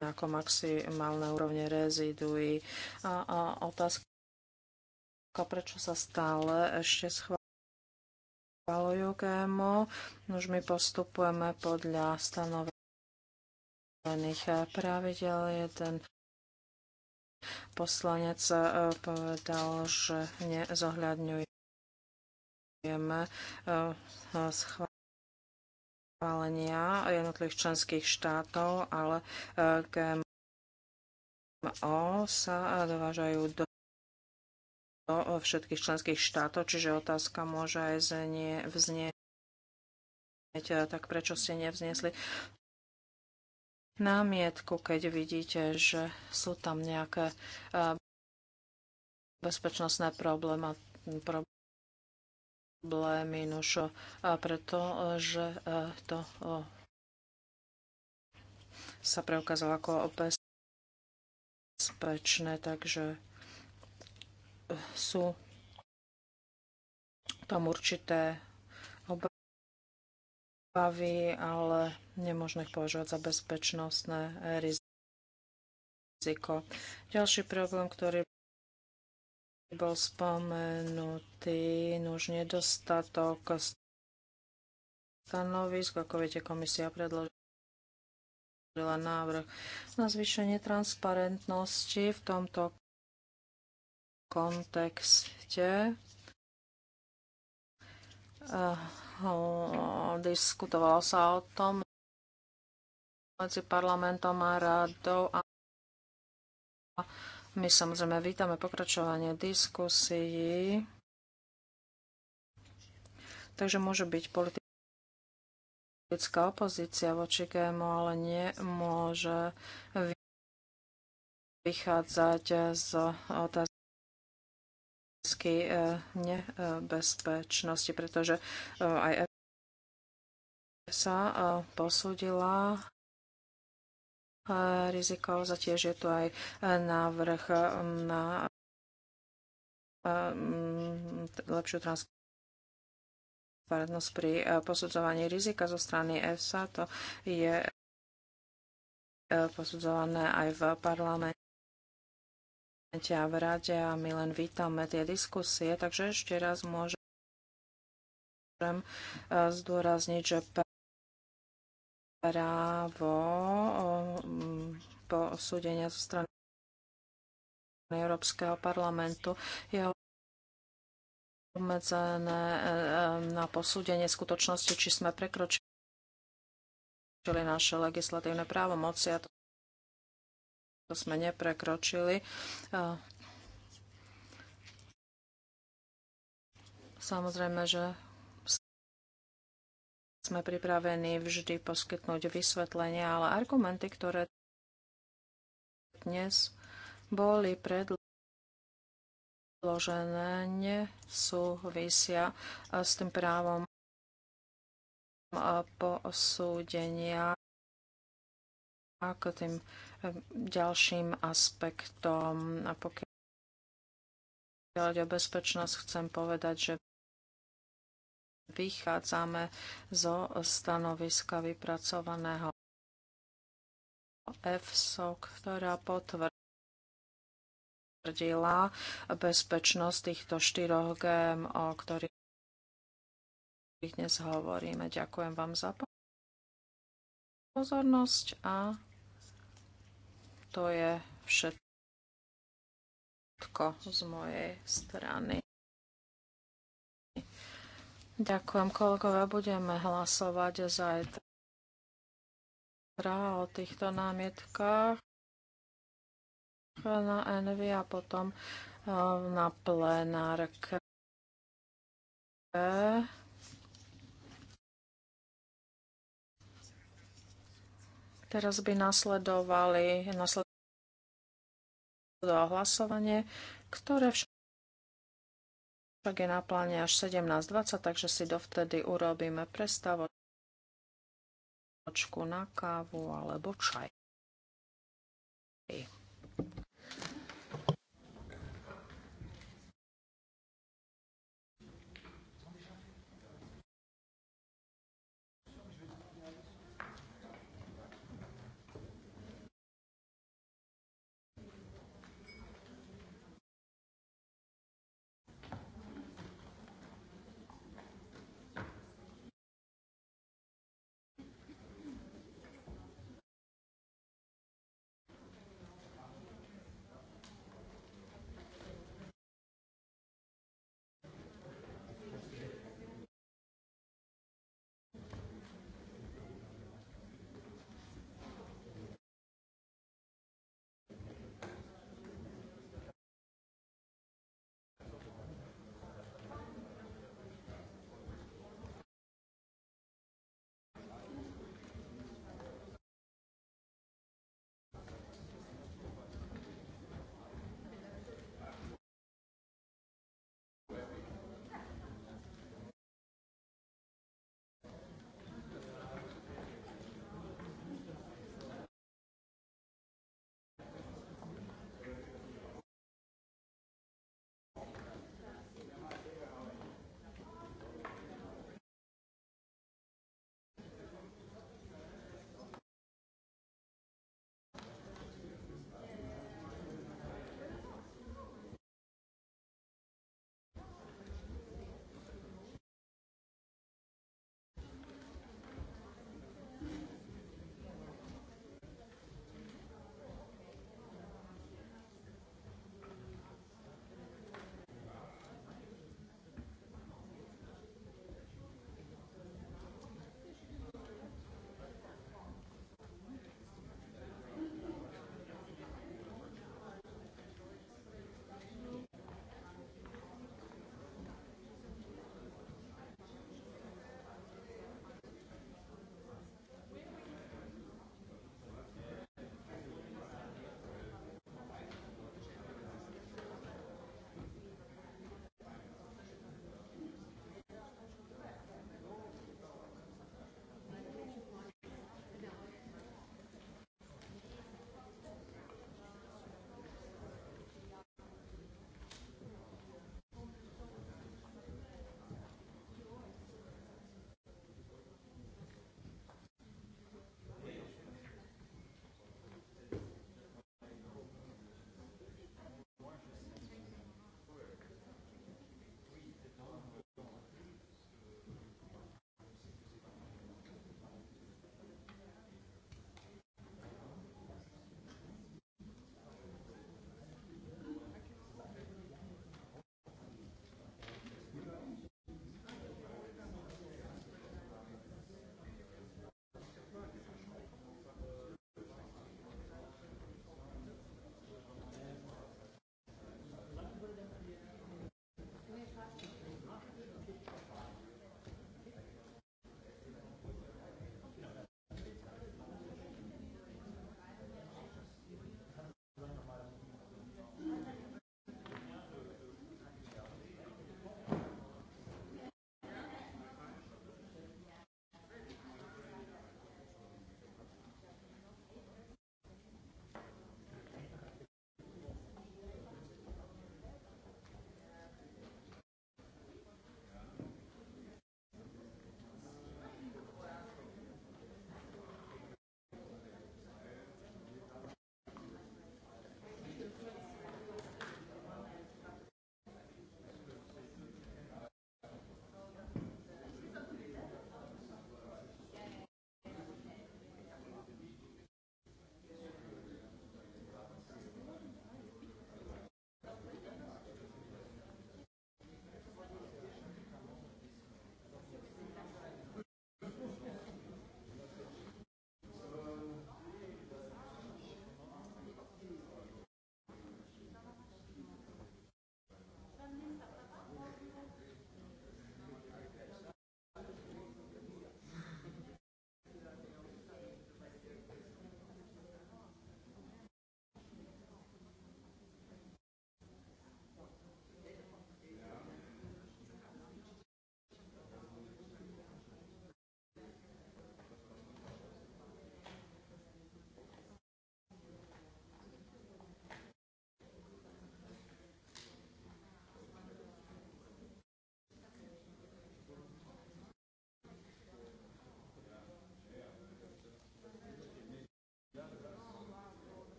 ako maximálne úrovne rezidují. A, a otázka, prečo sa stále ešte schváľujú GMO, už my postupujeme podľa stanovených pravidel. Jeden poslanec e, povedal, že nezohľadňujeme e, schválené schválenia jednotlivých členských štátov, ale eh, GMO sa dovážajú do všetkých členských štátov, čiže otázka môže aj znie, vznieť, eh, tak prečo ste nevznesli námietku, keď vidíte, že sú tam nejaké eh, bezpečnostné problémy, problémy, nuž pretože e, to sa preukázalo ako bezpečné, takže e, sú tam určité obavy, ale nemôžno ich považovať za bezpečnostné riziko. Ďalší problém, ktorý bol spomenutý už nedostatok stanovisk. Ako viete, komisia predložila návrh na zvýšenie transparentnosti v tomto kontexte. Diskutovalo sa o tom medzi parlamentom a radou a my samozrejme vítame pokračovanie diskusií. Takže môže byť politická opozícia voči GMO, ale nemôže vychádzať z otázky e, nebezpečnosti, pretože e, aj sa e, posúdila riziko. Zatiež je tu aj e, návrh e, na e, lepšiu transparentnosť pri posudzovaní rizika zo strany EFSA. To je posudzované aj v parlamente a v rade a my len vítame tie diskusie. Takže ešte raz môžem zdôrazniť, že právo mm, posúdenia zo strany Európskeho parlamentu je obmedzené e, e, na posúdenie skutočnosti, či sme prekročili naše legislatívne právomoci a to sme neprekročili. E, samozrejme, že sme pripravení vždy poskytnúť vysvetlenie, ale argumenty, ktoré dnes boli predložené, vysia s tým právom posúdenia a tým eh, ďalším aspektom. A pokiaľ ide o bezpečnosť, chcem povedať, že vychádzame zo stanoviska vypracovaného EFSO, ktorá potvrdila bezpečnosť týchto štyroch GM, o ktorých dnes hovoríme. Ďakujem vám za pozornosť a to je všetko z mojej strany. Ďakujem, kolegovia. Budeme hlasovať zajtra o týchto námietkách na NV a potom e, na plenárke. Teraz by nasledovali nasledovalo hlasovanie, ktoré však však je na pláne až 17.20, takže si dovtedy urobíme prestavočku na kávu alebo čaj.